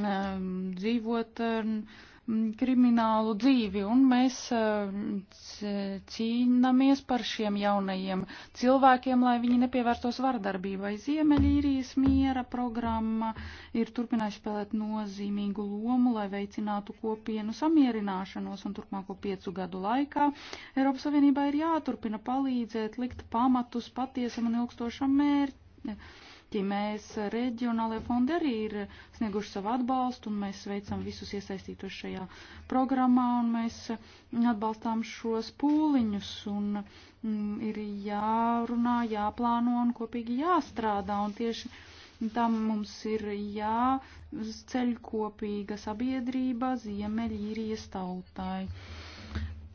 um, dzīvot ar. Um, ehm, Mm, kriminālu dzīvi, un mēs eh, cīnāmies par šiem jaunajiem cilvēkiem, lai viņi nepievērstos vardarbībai. Ziemeļīrijas miera programma ir turpinājusi spēlēt nozīmīgu lomu, lai veicinātu kopienu samierināšanos, un turpmāko piecu gadu laikā Eiropas Savienībā ir jāturpina palīdzēt likt pamatus patiesam un ilgstošam mērķim Mēs reģionālajie fondi arī ir snieguši savu atbalstu, un mēs veicam visus iesaistītos šajā programmā, un mēs atbalstām šos pūliņus, un mm, ir jārunā, jāplāno un kopīgi jāstrādā, un tieši tam mums ir jāceļ kopīga sabiedrība Ziemeļīrijas tautai.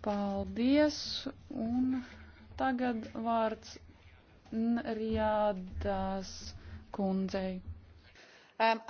Paldies, un tagad vārds Riadas kundzei. Um,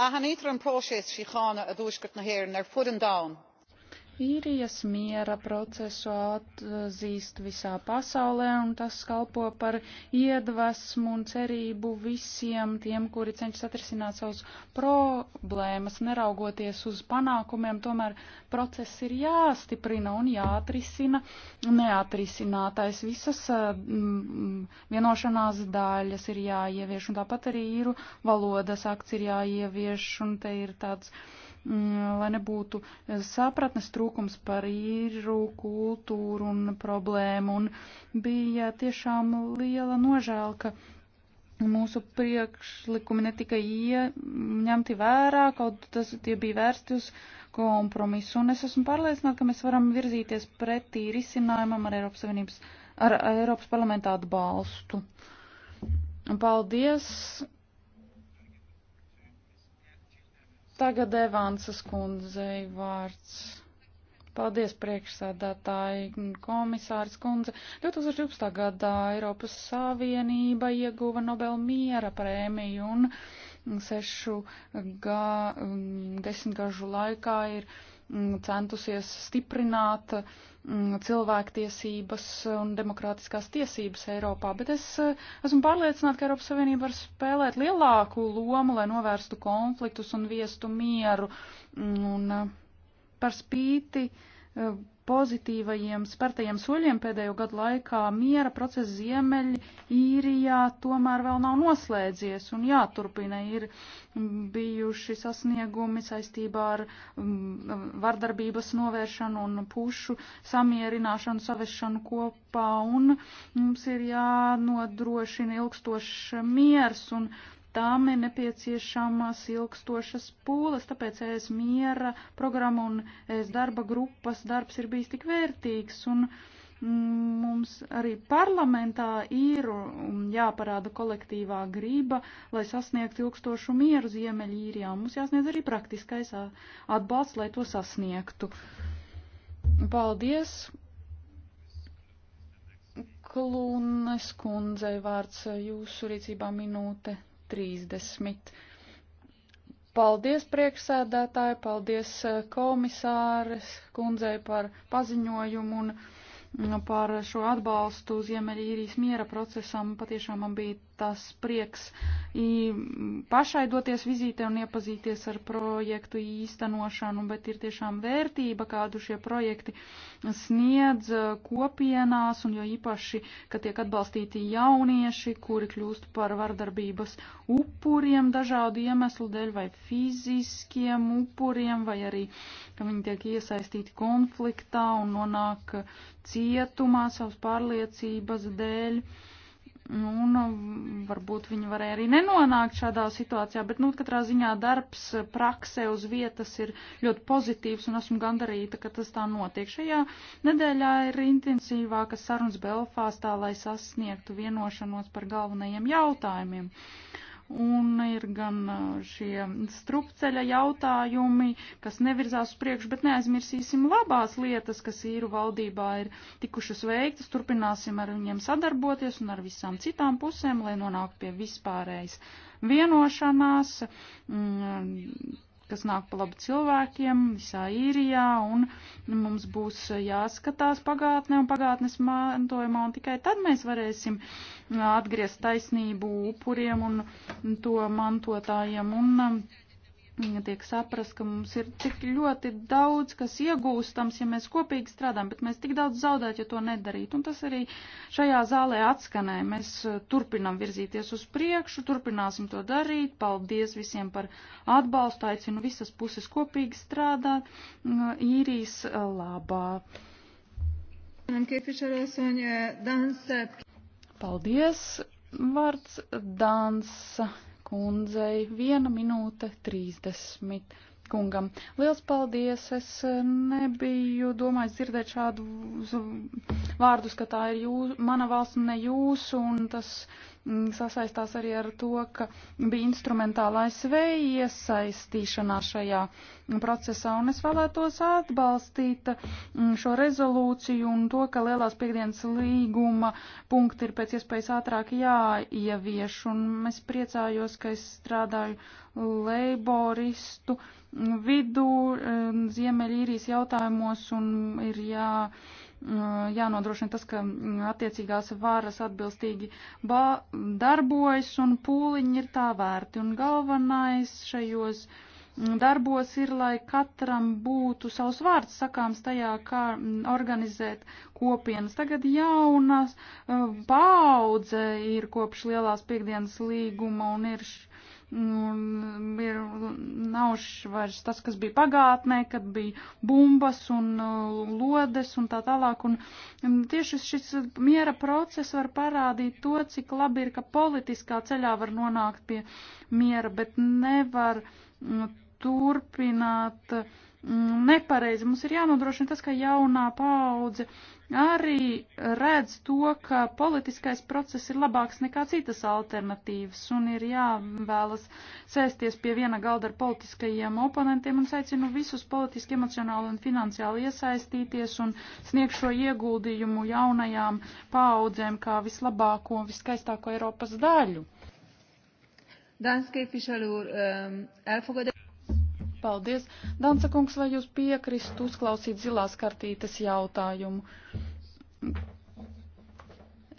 Īrijas miera procesu atzīst visā pasaulē, un tas kalpo par iedvesmu un cerību visiem tiem, kuri cenšas atrisināt savus problēmas, neraugoties uz panākumiem, tomēr process ir jāstiprina un jāatrisina neatrisinātais. Visas mm, vienošanās daļas ir jāievieš, un tāpat arī īru valodas akts ir jāievieš, un te ir tāds. Mm, Mm, lai nebūtu eh, sapratnes trūkums par īru kultūru un problēmu. Un bija tiešām liela nožēla, ka mūsu priekšlikumi netika ieņemti vērā, kaut tas tie bija vērsti uz kompromisu, un es esmu pārliecināta, ka mēs varam virzīties pretī risinājumam ar Eiropas Savienības, ar Eiropas parlamentu atbalstu. Paldies, Tagad Evansas kundzei vārds. Paldies priekšsēdētāji komisārs kundze. 2012. gadā Eiropas Savienība ieguva Nobel miera prēmiju un sešu ga, mm, desmitgažu laikā ir Mm, centusies stiprināt mm, cilvēktiesības un demokrātiskās tiesības Eiropā, bet es eh, esmu pārliecināta, ka Eiropas Savienība var spēlēt lielāku lomu, lai novērstu konfliktus un viestu mieru. Mm, un eh, par spīti eh, pozitīvajiem spartajiem soļiem pēdējo gadu laikā miera process Ziemeļ īrijā tomēr vēl nav noslēdzies un jāturpina. Ir bijuši sasniegumi saistībā ar mm, vardarbības novēršanu un pušu samierināšanu, savešanu kopā un mums ir jānodrošina ilgstošs miers un tām ir nepieciešamas ilgstošas pūles, tāpēc es miera programma un es darba grupas darbs ir bijis tik vērtīgs un mm, mums arī parlamentā ir jāparāda kolektīvā grība, lai sasniegtu ilgstošu mieru Ziemeļīrijā. Mums jāsniedz arī praktiskais atbalsts, lai to sasniegtu. Paldies! Klūnes kundzei vārds jūsu rīcībā minūte 30. Paldies priekšsēdētāji, paldies eh, komisāres kundzei par paziņojumu un par šo atbalstu Ziemeļīrijas miera procesam. Patiešām man bija tas prieks pašai doties vizītē un iepazīties ar projektu īstenošanu, bet ir tiešām vērtība, kādu šie projekti sniedz kopienās, un jo īpaši, ka tiek atbalstīti jaunieši, kuri kļūst par vardarbības upuriem dažādu iemeslu dēļ vai fiziskiem upuriem, vai arī, ka viņi tiek iesaistīti konfliktā un nonāk cīņā cietumā savas pārliecības dēļ. Un um, varbūt viņi varēja arī nenonākt šādā situācijā, bet, nu, katrā ziņā darbs praksē uz vietas ir ļoti pozitīvs un esmu gandarīta, ka tas tā notiek. Šajā nedēļā ir intensīvākas sarunas Belfāstā, lai sasniegtu vienošanos par galvenajiem jautājumiem. Uh, un ir gan šie strupceļa jautājumi, kas nevirzās uz priekšu, bet neaizmirsīsim labās lietas, kas īru valdībā ir tikušas veiktas, turpināsim ar viņiem sadarboties un ar visām citām pusēm, lai nonāktu pie vispārējas vienošanās. Mm, kas nāk pa labu cilvēkiem visā īrijā, un mums būs jāskatās pagātnē un pagātnes mantojumā, un tikai tad mēs varēsim uh, atgriezt taisnību upuriem un to mantotājiem. Un, um, tiek saprast, ka mums ir tik ļoti daudz, kas iegūstams, ja mēs kopīgi strādājam, bet mēs tik daudz zaudētu, ja to nedarītu. Un tas arī šajā zālē atskanēja. Mēs uh, turpinam virzīties uz priekšu, turpināsim to darīt. Paldies visiem par atbalstu, aicinu visas puses kopīgi strādāt mm, īrijas uh, labā. Paldies, vārds Dansa kundzei, viena minūte trīsdesmit kungam. Liels paldies! Es nebiju domājis dzirdēt šādu vārdus, ka tā ir jūs, mana valsts un ne jūsu, un tas Mm, sasaistās arī ar to, ka bija instrumentāla ASV iesaistīšanās šajā procesā, un es vēlētos atbalstīt mm, šo rezolūciju un to, ka lielās piekdienas līguma punkti ir pēc iespējas ātrāk jāievieš, un es priecājos, ka es strādāju leiboristu vidū mm, Ziemeļīrijas jautājumos, un ir jā. Ja, jānodrošina tas, ka mm, attiecīgās varas atbilstīgi darbojas un pūliņi ir tā vērti. Un galvenais šajos mm, darbos ir, lai katram būtu savs vārds sakāms tajā, kā mm, organizēt kopienas. Tagad jaunas paudze ir kopš lielās piekdienas līguma un ir Un ir, nav vairs tas, kas bija pagātnē, kad bija bumbas un uh, lodes un tā tālāk. Un um, tieši šis miera process var parādīt to, cik labi ir, ka politiskā ceļā var nonākt pie miera, bet nevar mm, turpināt uh, Mm, nepareizi. Mums ir jānodrošina tas, ka jaunā paudze arī redz to, ka politiskais process ir labāks nekā citas alternatīvas un ir jāvēlas sēsties pie viena galda ar politiskajiem oponentiem un aicinu visus politiski, emocionāli un finansiāli iesaistīties un sniegt šo ieguldījumu jaunajām paudzēm kā vislabāko un viskaistāko Eiropas daļu. Dánszképviselő úr um, elfogadja. Paldies. Dansa kungs, vai jūs piekristu uzklausīt zilās kartītes jautājumu?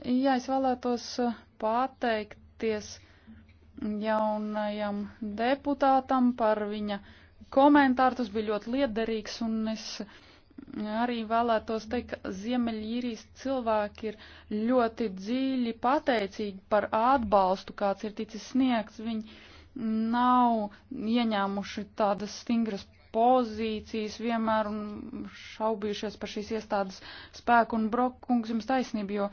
Jā, es vēlētos uh, pateikties jaunajam deputātam par viņa komentāru. Tas bija ļoti liederīgs un es arī vēlētos teikt, ka Ziemeļīrijas cilvēki ir ļoti dziļi pateicīgi par atbalstu, kāds ir ticis sniegts. Viņi nav ieņēmuši tādas stingras pozīcijas, vienmēr šaubījušies par šīs iestādes spēku, un Brokkungs jums taisnība, jo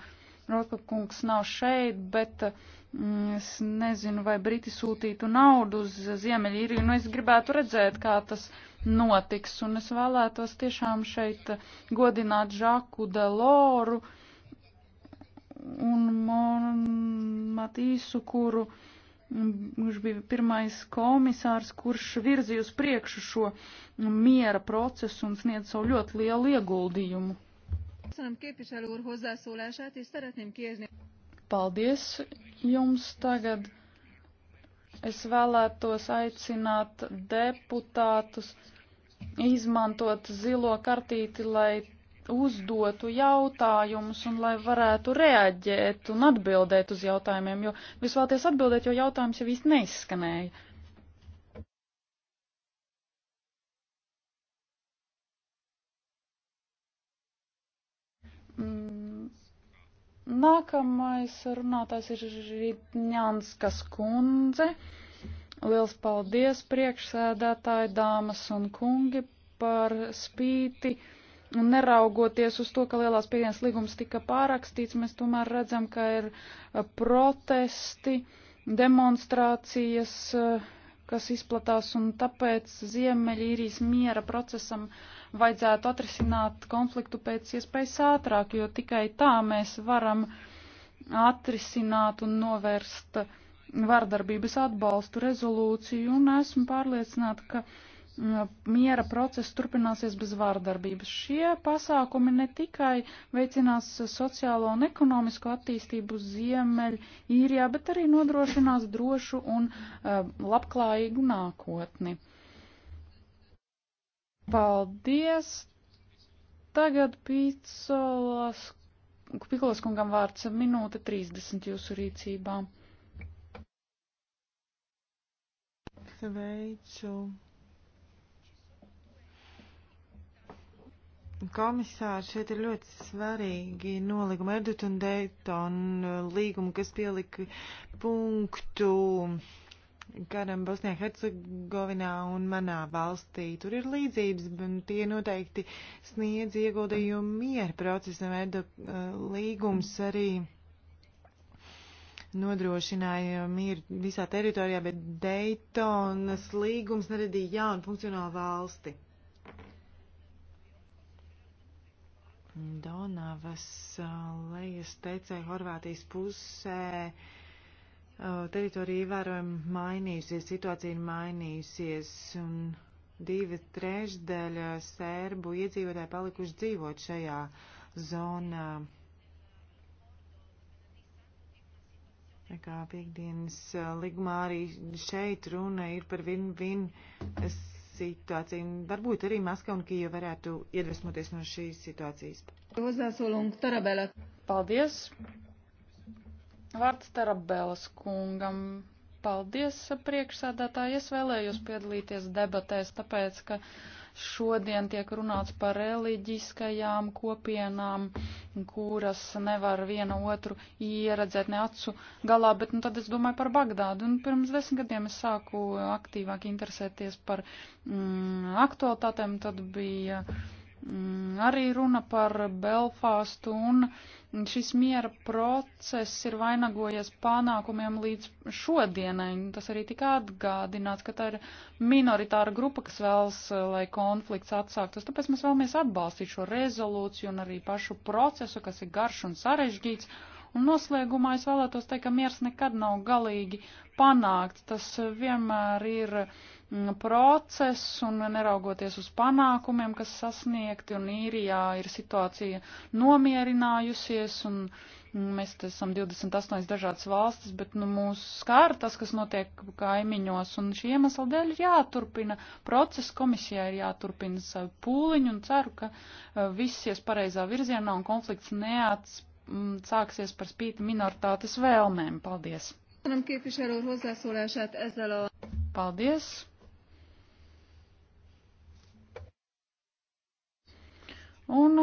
Brokkungs nav šeit, bet mm, es nezinu, vai Briti sūtītu naudu uz Ziemeļīriju, nu es gribētu redzēt, kā tas notiks, un es vēlētos tiešām šeit godināt Žaku Deloru un Matīsu, kuru. Mm, Viņš bija pirmais komisārs, kurš virzīja uz priekšu šo miera procesu un sniedz savu ļoti lielu ieguldījumu. Paldies jums tagad. Es vēlētos aicināt deputātus izmantot zilo kartīti, lai uzdotu jautājumus un lai varētu reaģēt un atbildēt uz jautājumiem, jo visvēlties atbildēt, jo jautājums jau īsti neizskanēja. Mm. Nākamais runātājs ir Žitņānskas kundze. Liels paldies priekšsēdētāji, dāmas un kungi par spīti Un neraugoties uz to, ka lielās pieejas līgums tika pārakstīts, mēs tomēr redzam, ka ir protesti, demonstrācijas, kas izplatās, un tāpēc Ziemeļīrijas miera procesam vajadzētu atrisināt konfliktu pēc iespējas ātrāk, jo tikai tā mēs varam atrisināt un novērst vardarbības atbalstu rezolūciju, un esmu pārliecināta, ka miera process turpināsies bez vārdarbības. Šie pasākumi ne tikai veicinās sociālo un ekonomisko attīstību Ziemeļ īrijā, bet arī nodrošinās drošu un uh, labklājīgu nākotni. Paldies! Tagad Pīcolas, Pikolas kungam vārds minūte 30 jūsu rīcībā. Sveicu! Komisāri, šeit ir ļoti svarīgi nolīguma Erdut un Dayton eh, līguma, kas pielika punktu karam Bosnijā, Hercegovinā un manā valstī. Tur ir līdzības, un tie noteikti sniedz ieguldījumu mieru procesam. Erdo eh, līgums arī nodrošināja mieru visā teritorijā, bet Daytonas līgums neredīja jaunu funkcionālu valsti. Donavas lejas tecē Horvātijas pusē teritorija ievērojami mainījusies, situācija ir mainījusies, un divi trešdaļa sērbu iedzīvotāji palikuši dzīvot šajā zonā. Kā piekdienas ligumā arī šeit runa ir par vin-vin situāciju. Varbūt arī Maska un Kija varētu iedvesmoties no šīs situācijas. Paldies! Vārds Tarabēlas kungam. Paldies, priekšsādātāji. Es vēlējos piedalīties debatēs, tāpēc, ka Šodien tiek runāts par reliģiskajām kopienām, kuras nevar viena otru ieredzēt ne acu galā, bet nu, tad es domāju par Bagdādu. Un pirms desmit gadiem es sāku aktīvāk interesēties par mm, aktualitātēm, tad bija. Uh, Mm, arī runa par Belfāstu, un šis miera process ir vainagojies panākumiem līdz šodienai. Tas arī tika atgādināts, ka tā ir minoritāra grupa, kas vēlas, eh, lai konflikts atsāktos. Tāpēc mēs vēlamies atbalstīt šo rezolūciju un arī pašu procesu, kas ir garš un sarežģīts. Un noslēgumā es vēlētos teikt, ka miers nekad nav galīgi panākts. Tas vienmēr ir uh, Mm, procesu un neraugoties uz panākumiem, kas sasniegti, un īrijā ir situācija nomierinājusies, un mm, mēs te esam 28 dažādas valstis, bet nu, mūs skār tas, kas notiek kaimiņos, un šī iemesla dēļ ir jāturpina, process komisijā ir jāturpina savu pūliņu, un ceru, ka eh, viss ies pareizā virzienā un konflikts neats mm, sāksies par spīti minoritātes vēlmēm. Paldies! Köszönöm képviselő hozzászólását ezzel a... Paldies! Un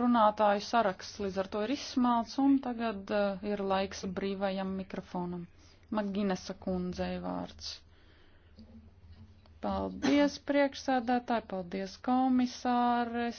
runātāju saraksts līdz ar to ir izsmelts, un tagad uh, ir laiks brīvajam mikrofonam. Maginesa kundzei vārds. Paldies, priekšsēdētāji, paldies, komisāres,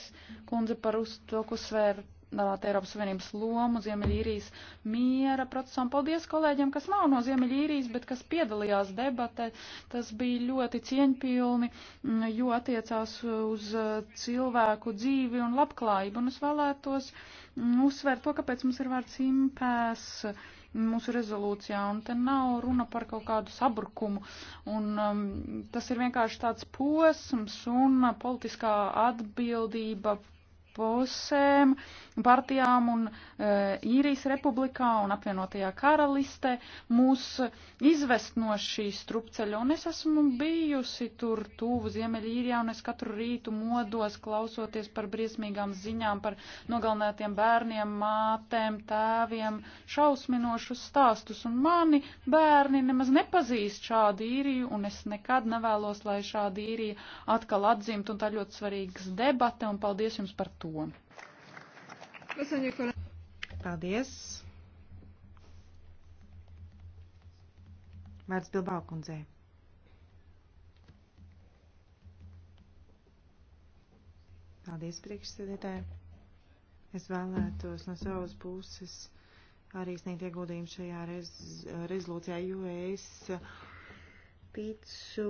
kundze par uz to, ko svērt palielināt Eiropas Savienības lomu Ziemeļīrijas miera procesam. Paldies kolēģiem, kas nav no Ziemeļīrijas, bet kas piedalījās debatē. Tas bija ļoti cieņpilni, mm, jo attiecās uz uh, cilvēku dzīvi un labklājību. Un es vēlētos mm, uzsvērt to, kāpēc mums ir vārds impēs mm, mūsu rezolūcijā, un te nav runa par kaut kādu sabrukumu, un um, tas ir vienkārši tāds posms un uh, politiskā atbildība pusēm, partijām un e, īrijas republikā un apvienotajā karalistē mūs izvest no šī strupceļa. Un es esmu bijusi tur tuvu Ziemeļīrijā un es katru rītu modos klausoties par briesmīgām ziņām, par nogalnētiem bērniem, mātēm, tēviem, šausminošus stāstus. Un mani bērni nemaz nepazīst šādu īriju un es nekad nevēlos, lai šāda īrija atkal atzimtu un tā ļoti svarīgas debate un paldies jums par to to. Paldies! Vērts Bilbao kundzei. Paldies, priekšsēdētāji. Es vēlētos no savas puses arī sniegt ieguldījumu šajā rez rezolūcijā, jo es ticu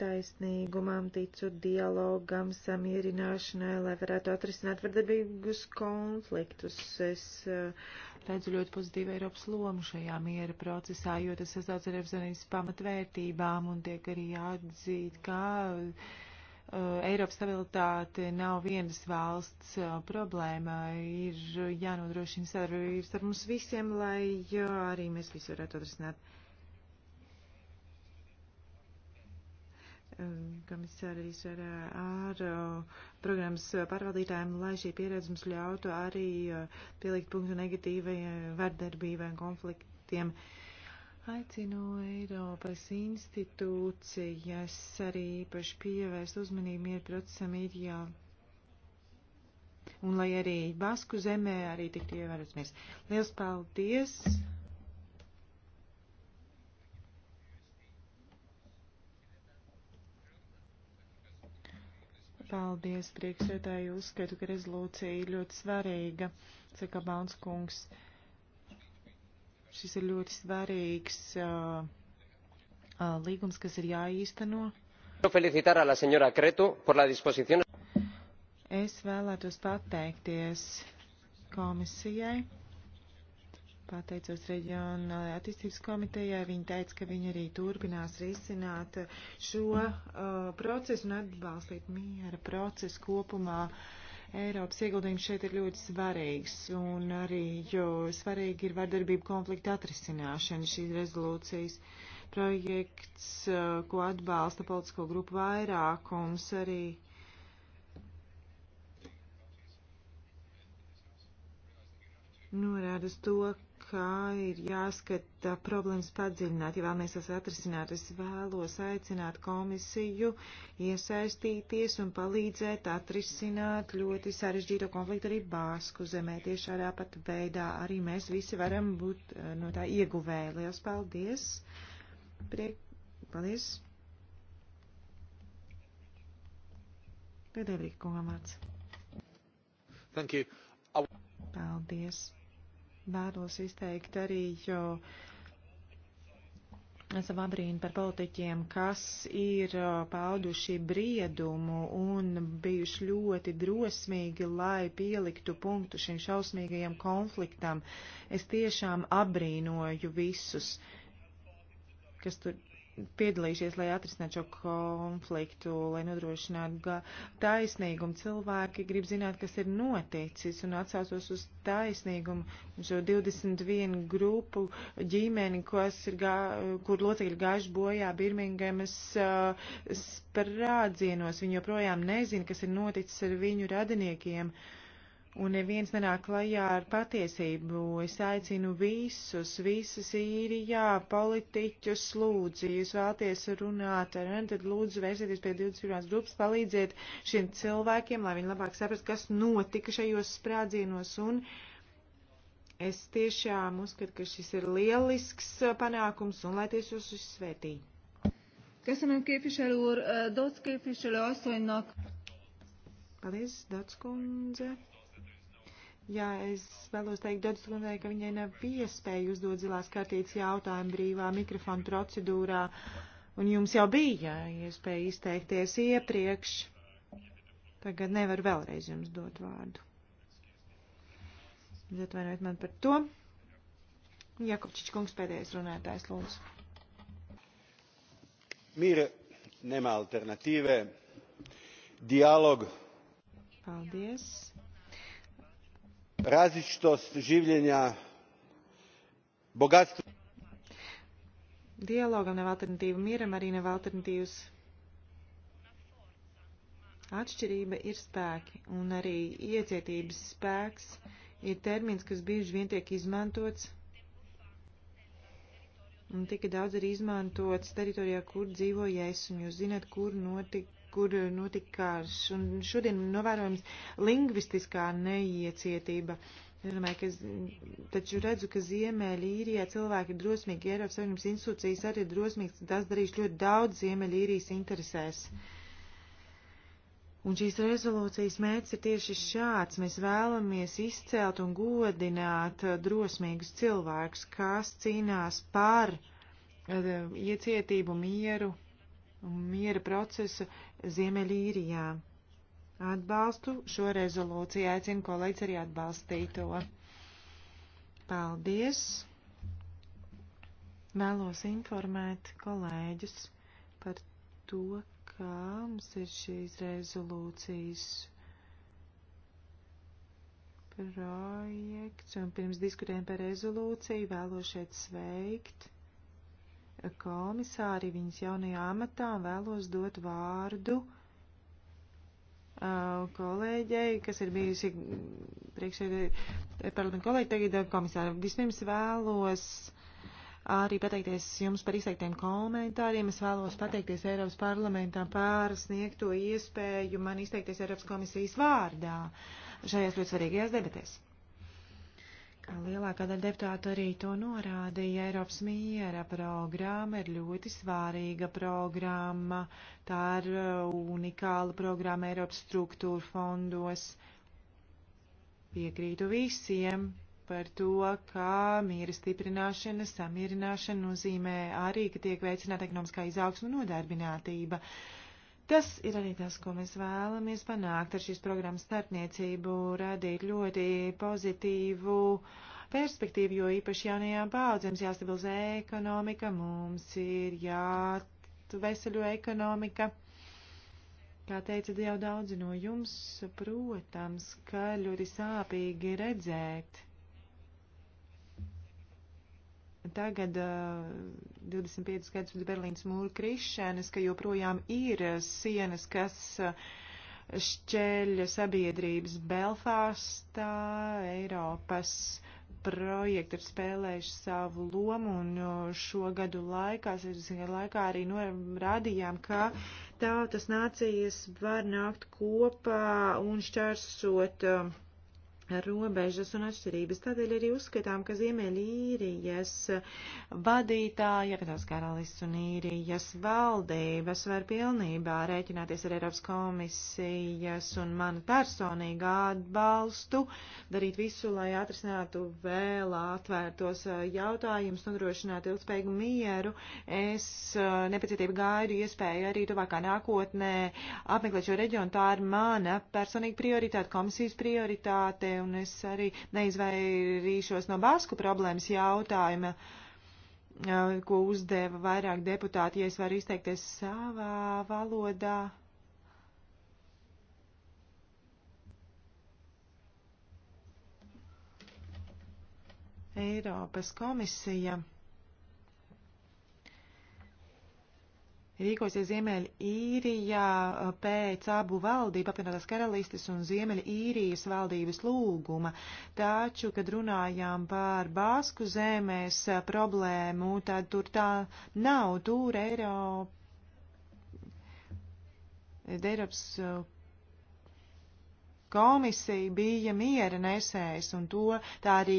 taisnīgumam, ticu dialogam, samierināšanai, lai varētu atrisināt vardarbīgus konfliktus. Es eh, redzu ļoti pozitīvu Eiropas lomu šajā miera procesā, jo tas sasauc ar Eiropas Savienības pamatvērtībām un tiek arī atzīt, ka eh, Eiropas stabilitāte nav vienas valsts eh, problēma. Ir jānodrošina sadarbības ar mums visiem, lai arī mēs visi varētu atrisināt komisārijas ar, ar programmas pārvaldītājiem, lai šī pieredze mums ļautu arī pielikt punktu negatīvajai vardarbībai un konfliktiem. Aicinu Eiropas institūcijas arī īpaši pievērst uzmanību mieru procesam ir jā. Un lai arī Basku zemē arī tiktu ievērots mēs. Liels paldies! Paldies, priekšsēdētāji, uzskatu, ka rezolūcija ir ļoti svarīga, saka Bauns kungs. Šis ir ļoti svarīgs uh, uh, līgums, kas ir jāīsteno. Es vēlētos pateikties komisijai Pateicos reģionālajai attīstības komitejai. Viņa teica, ka viņi arī turpinās risināt šo uh, procesu un atbalstīt miera procesu kopumā. Eiropas ieguldījums šeit ir ļoti svarīgs un arī, jo svarīgi ir vardarbība konflikta atrisināšana šīs rezolūcijas projekts, uh, ko atbalsta politisko grupu vairākums arī. norāda uz to, kā ir jāskata problēmas padziļināt, ja vēlamies tās atrisināt. Es vēlos aicināt komisiju iesaistīties un palīdzēt atrisināt ļoti sarežģīto konfliktu arī Bāsku zemē. Tieši šādā pat veidā arī mēs visi varam būt eh, no tā ieguvēji. Liels paldies! Priek... Paldies! Pēdējā brīdī, kungam vārds. Thank you. Paldies vēlos izteikt arī savu abrīnu par politiķiem, kas ir pauduši briedumu un bijuši ļoti drosmīgi, lai pieliktu punktu šim šausmīgajam konfliktam. Es tiešām abrīnoju visus, kas tur piedalījušies, lai atrisinātu šo konfliktu, lai nodrošinātu taisnīgumu. Cilvēki grib zināt, kas ir noticis un atsaucos uz taisnīgumu. Šo 21 grupu ģimeni, kas ir, gā, kur locekļi gājuši bojā Birmingemas uh, sprādzienos, viņi joprojām nezina, kas ir noticis ar viņu radiniekiem. Uh, un neviens nenāk klajā ar patiesību. Es aicinu visus, visas īrijā, politiķus, lūdzu, jūs vēlties runāt ar mani, tad lūdzu vērsieties pie 21. grupas, palīdziet šiem cilvēkiem, lai viņi labāk saprast, kas notika šajos sprādzienos, un es tiešām uzskatu, ka šis ir lielisks panākums, un lai ties jūs uzsvētī. Köszönöm képviselő úr, Doc képviselő asszonynak. Paldies, Dacskundze. Jā, es vēlos teikt Dodas kundzei, ka viņai nav iespēja uzdot zilās kartītes jautājumu brīvā mikrofona procedūrā, un jums jau bija iespēja izteikties iepriekš. Tagad nevar vēlreiz jums dot vārdu. Atvainojiet man par to. Jakobčič kungs pēdējais runātājs lūdzu. Mīra nema alternatīve. Dialog. Paldies različitost življenja bogatstvo. Dialogam nav alternatīvu, mieram arī nav alternatīvas. Atšķirība ir spēki, un arī iecietības spēks ir termins, kas bieži vien tiek izmantots, un tika daudz arī izmantots teritorijā, kur dzīvo jēs, un jūs zināt, kur notika kur notikās. Un šodien novērojams lingvistiskā neiecietība. Es domāju, ka, taču redzu, ka Ziemeļīrijā cilvēki ir drosmīgi, Eiropas Savienības institūcijas arī ir drosmīgas, tas darīs ļoti daudz Ziemeļīrijas interesēs. Un šīs rezolūcijas mērķis ir tieši šāds. Mēs vēlamies izcelt un godināt uh, drosmīgus cilvēkus, kas cīnās par uh, iecietību, mieru miera procesu Ziemeļīrijā. Atbalstu šo rezolūciju, aicinu kolēģis arī atbalstīt to. Paldies! Vēlos informēt kolēģus par to, kā mums ir šīs rezolūcijas projekts, un pirms diskutējam par rezolūciju, vēlos šeit sveikt komisāri viņas jaunajā amatā un vēlos dot vārdu uh, kolēģei, kas ir bijusi priekšēdē eh, parlamentu kolēģi, tagad eh, komisāra. Vispirms vēlos arī pateikties jums par izteiktiem komentāriem. Es vēlos pateikties Eiropas parlamentām par sniegto iespēju man izteikties Eiropas komisijas vārdā šajās ļoti svarīgajās debatēs. Lielākā daļa deputātu arī to norādīja. Eiropas miera programma ir ļoti svārīga programma. Tā ir uh, unikāla programma Eiropas struktūra fondos. Piekrītu visiem par to, ka miera stiprināšana, samierināšana nozīmē arī, ka tiek veicināta ekonomiskā izaugsma un nodarbinātība. Uh, Tas ir arī tas, ko mēs vēlamies panākt ar šīs programmas starpniecību, radīt ļoti pozitīvu perspektīvu, jo īpaši jaunajām paudzēm jāstabilizē ekonomika, mums ir jāatveseļo ekonomika. Kā teica jau daudzi no jums, protams, ka ļoti sāpīgi redzēt tagad, 25 gadus pēc Berlīnas mūra krišanas, ka joprojām ir sienas, kas šķēļa sabiedrības Belfāstā, Eiropas projekti ir spēlējuši savu lomu un šo gadu laikā, laikā arī norādījām, ka tautas nācijas var nākt kopā un šķērsot uh, robežas un atšķirības. Tādēļ arī uzskatām, ka Ziemeļīrijas vadītāji, Japānās karalists un īrijas valdības var pilnībā rēķināties ar Eiropas komisijas un manu personīgu atbalstu, darīt visu, lai atrisinātu vēl atvērtos eh, jautājumus, nodrošināt ilgspējīgu mieru. Es eh, nepacietību gaidu iespēju arī tuvākā nākotnē apmeklēt šo reģionu. Tā ir mana personīga prioritāte, komisijas prioritāte problēmai, un es arī neizvairīšos no basku problēmas jautājuma, ko uzdeva vairāk deputāti, ja es varu izteikties savā valodā. Eiropas komisija rīkosies Ziemeļa īrijā uh, pēc abu valdību apvienotās karalistes un Ziemeļa īrijas valdības lūguma. Taču, kad runājām par Basku zemēs uh, problēmu, tad tur tā nav. Tur Eiropa. Eiropas uh, komisija bija miera nesējs, un to tā arī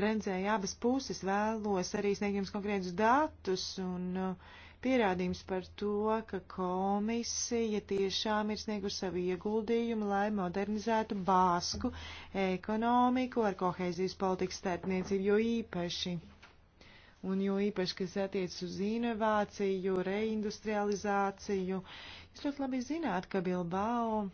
redzēja abas puses. Vēlos arī sniegt jums konkrētus datus, un uh, pierādījums par to, ka komisija tiešām ir sniegusi savu ieguldījumu, lai modernizētu bāsku ekonomiku ar kohēzijas politikas starpniecību, jo īpaši. Un jo īpaši, kas attiec uz inovāciju, reindustrializāciju, jūs ļoti labi zināt, ka Bilbao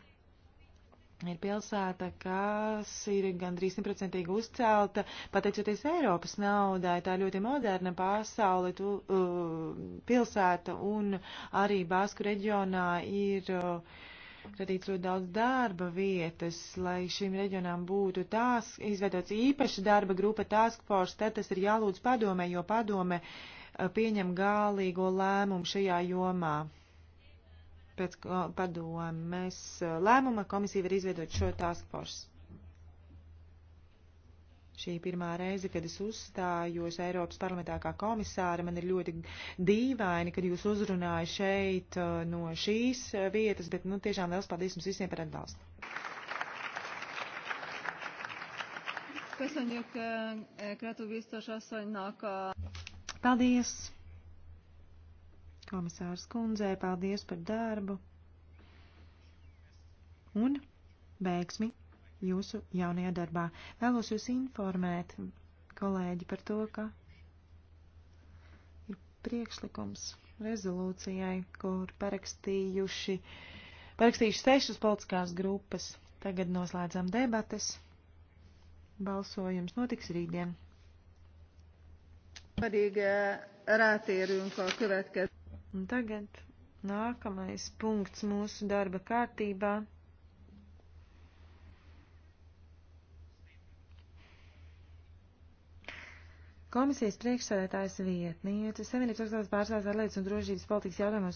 ir pilsēta, kas ir gandrīz simtprocentīgi uzcelta, pateicoties Eiropas naudai, tā ļoti moderna pasaule, tu, uh, pilsēta un arī Bāsku reģionā ir uh, radīts ļoti daudz darba vietas, lai šim reģionām būtu tās, izveidots īpaša darba grupa task force, tad tas ir jālūdz padomē, jo padome uh, pieņem galīgo lēmumu šajā jomā pēc padomes eh, lēmuma komisija var izveidot šo task force. Šī pirmā reize, kad es uzstājos Eiropas parlamentā kā komisāra, man ir ļoti dīvaini, kad jūs uzrunāju šeit eh, no šīs eh, vietas, bet nu, tiešām liels paldies jums visiem par atbalstu. Köszönjük Kretu biztos asszonynak a... Paldies! komisārs kundzē, paldies par darbu un veiksmi jūsu jaunajā darbā. Vēlos jūs informēt, kolēģi, par to, ka ir priekšlikums rezolūcijai, kur parakstījuši, parakstījuši sešas politiskās grupas. Tagad noslēdzam debates. Balsojums notiks rītdien. Pedig eh, rátérünk a következő. Un tagad nākamais punkts mūsu darba kārtībā. Komisijas priekšsēdētājas vietniece, Savienības augstākās pārstāvs ārlietas un drošības politikas jautājumos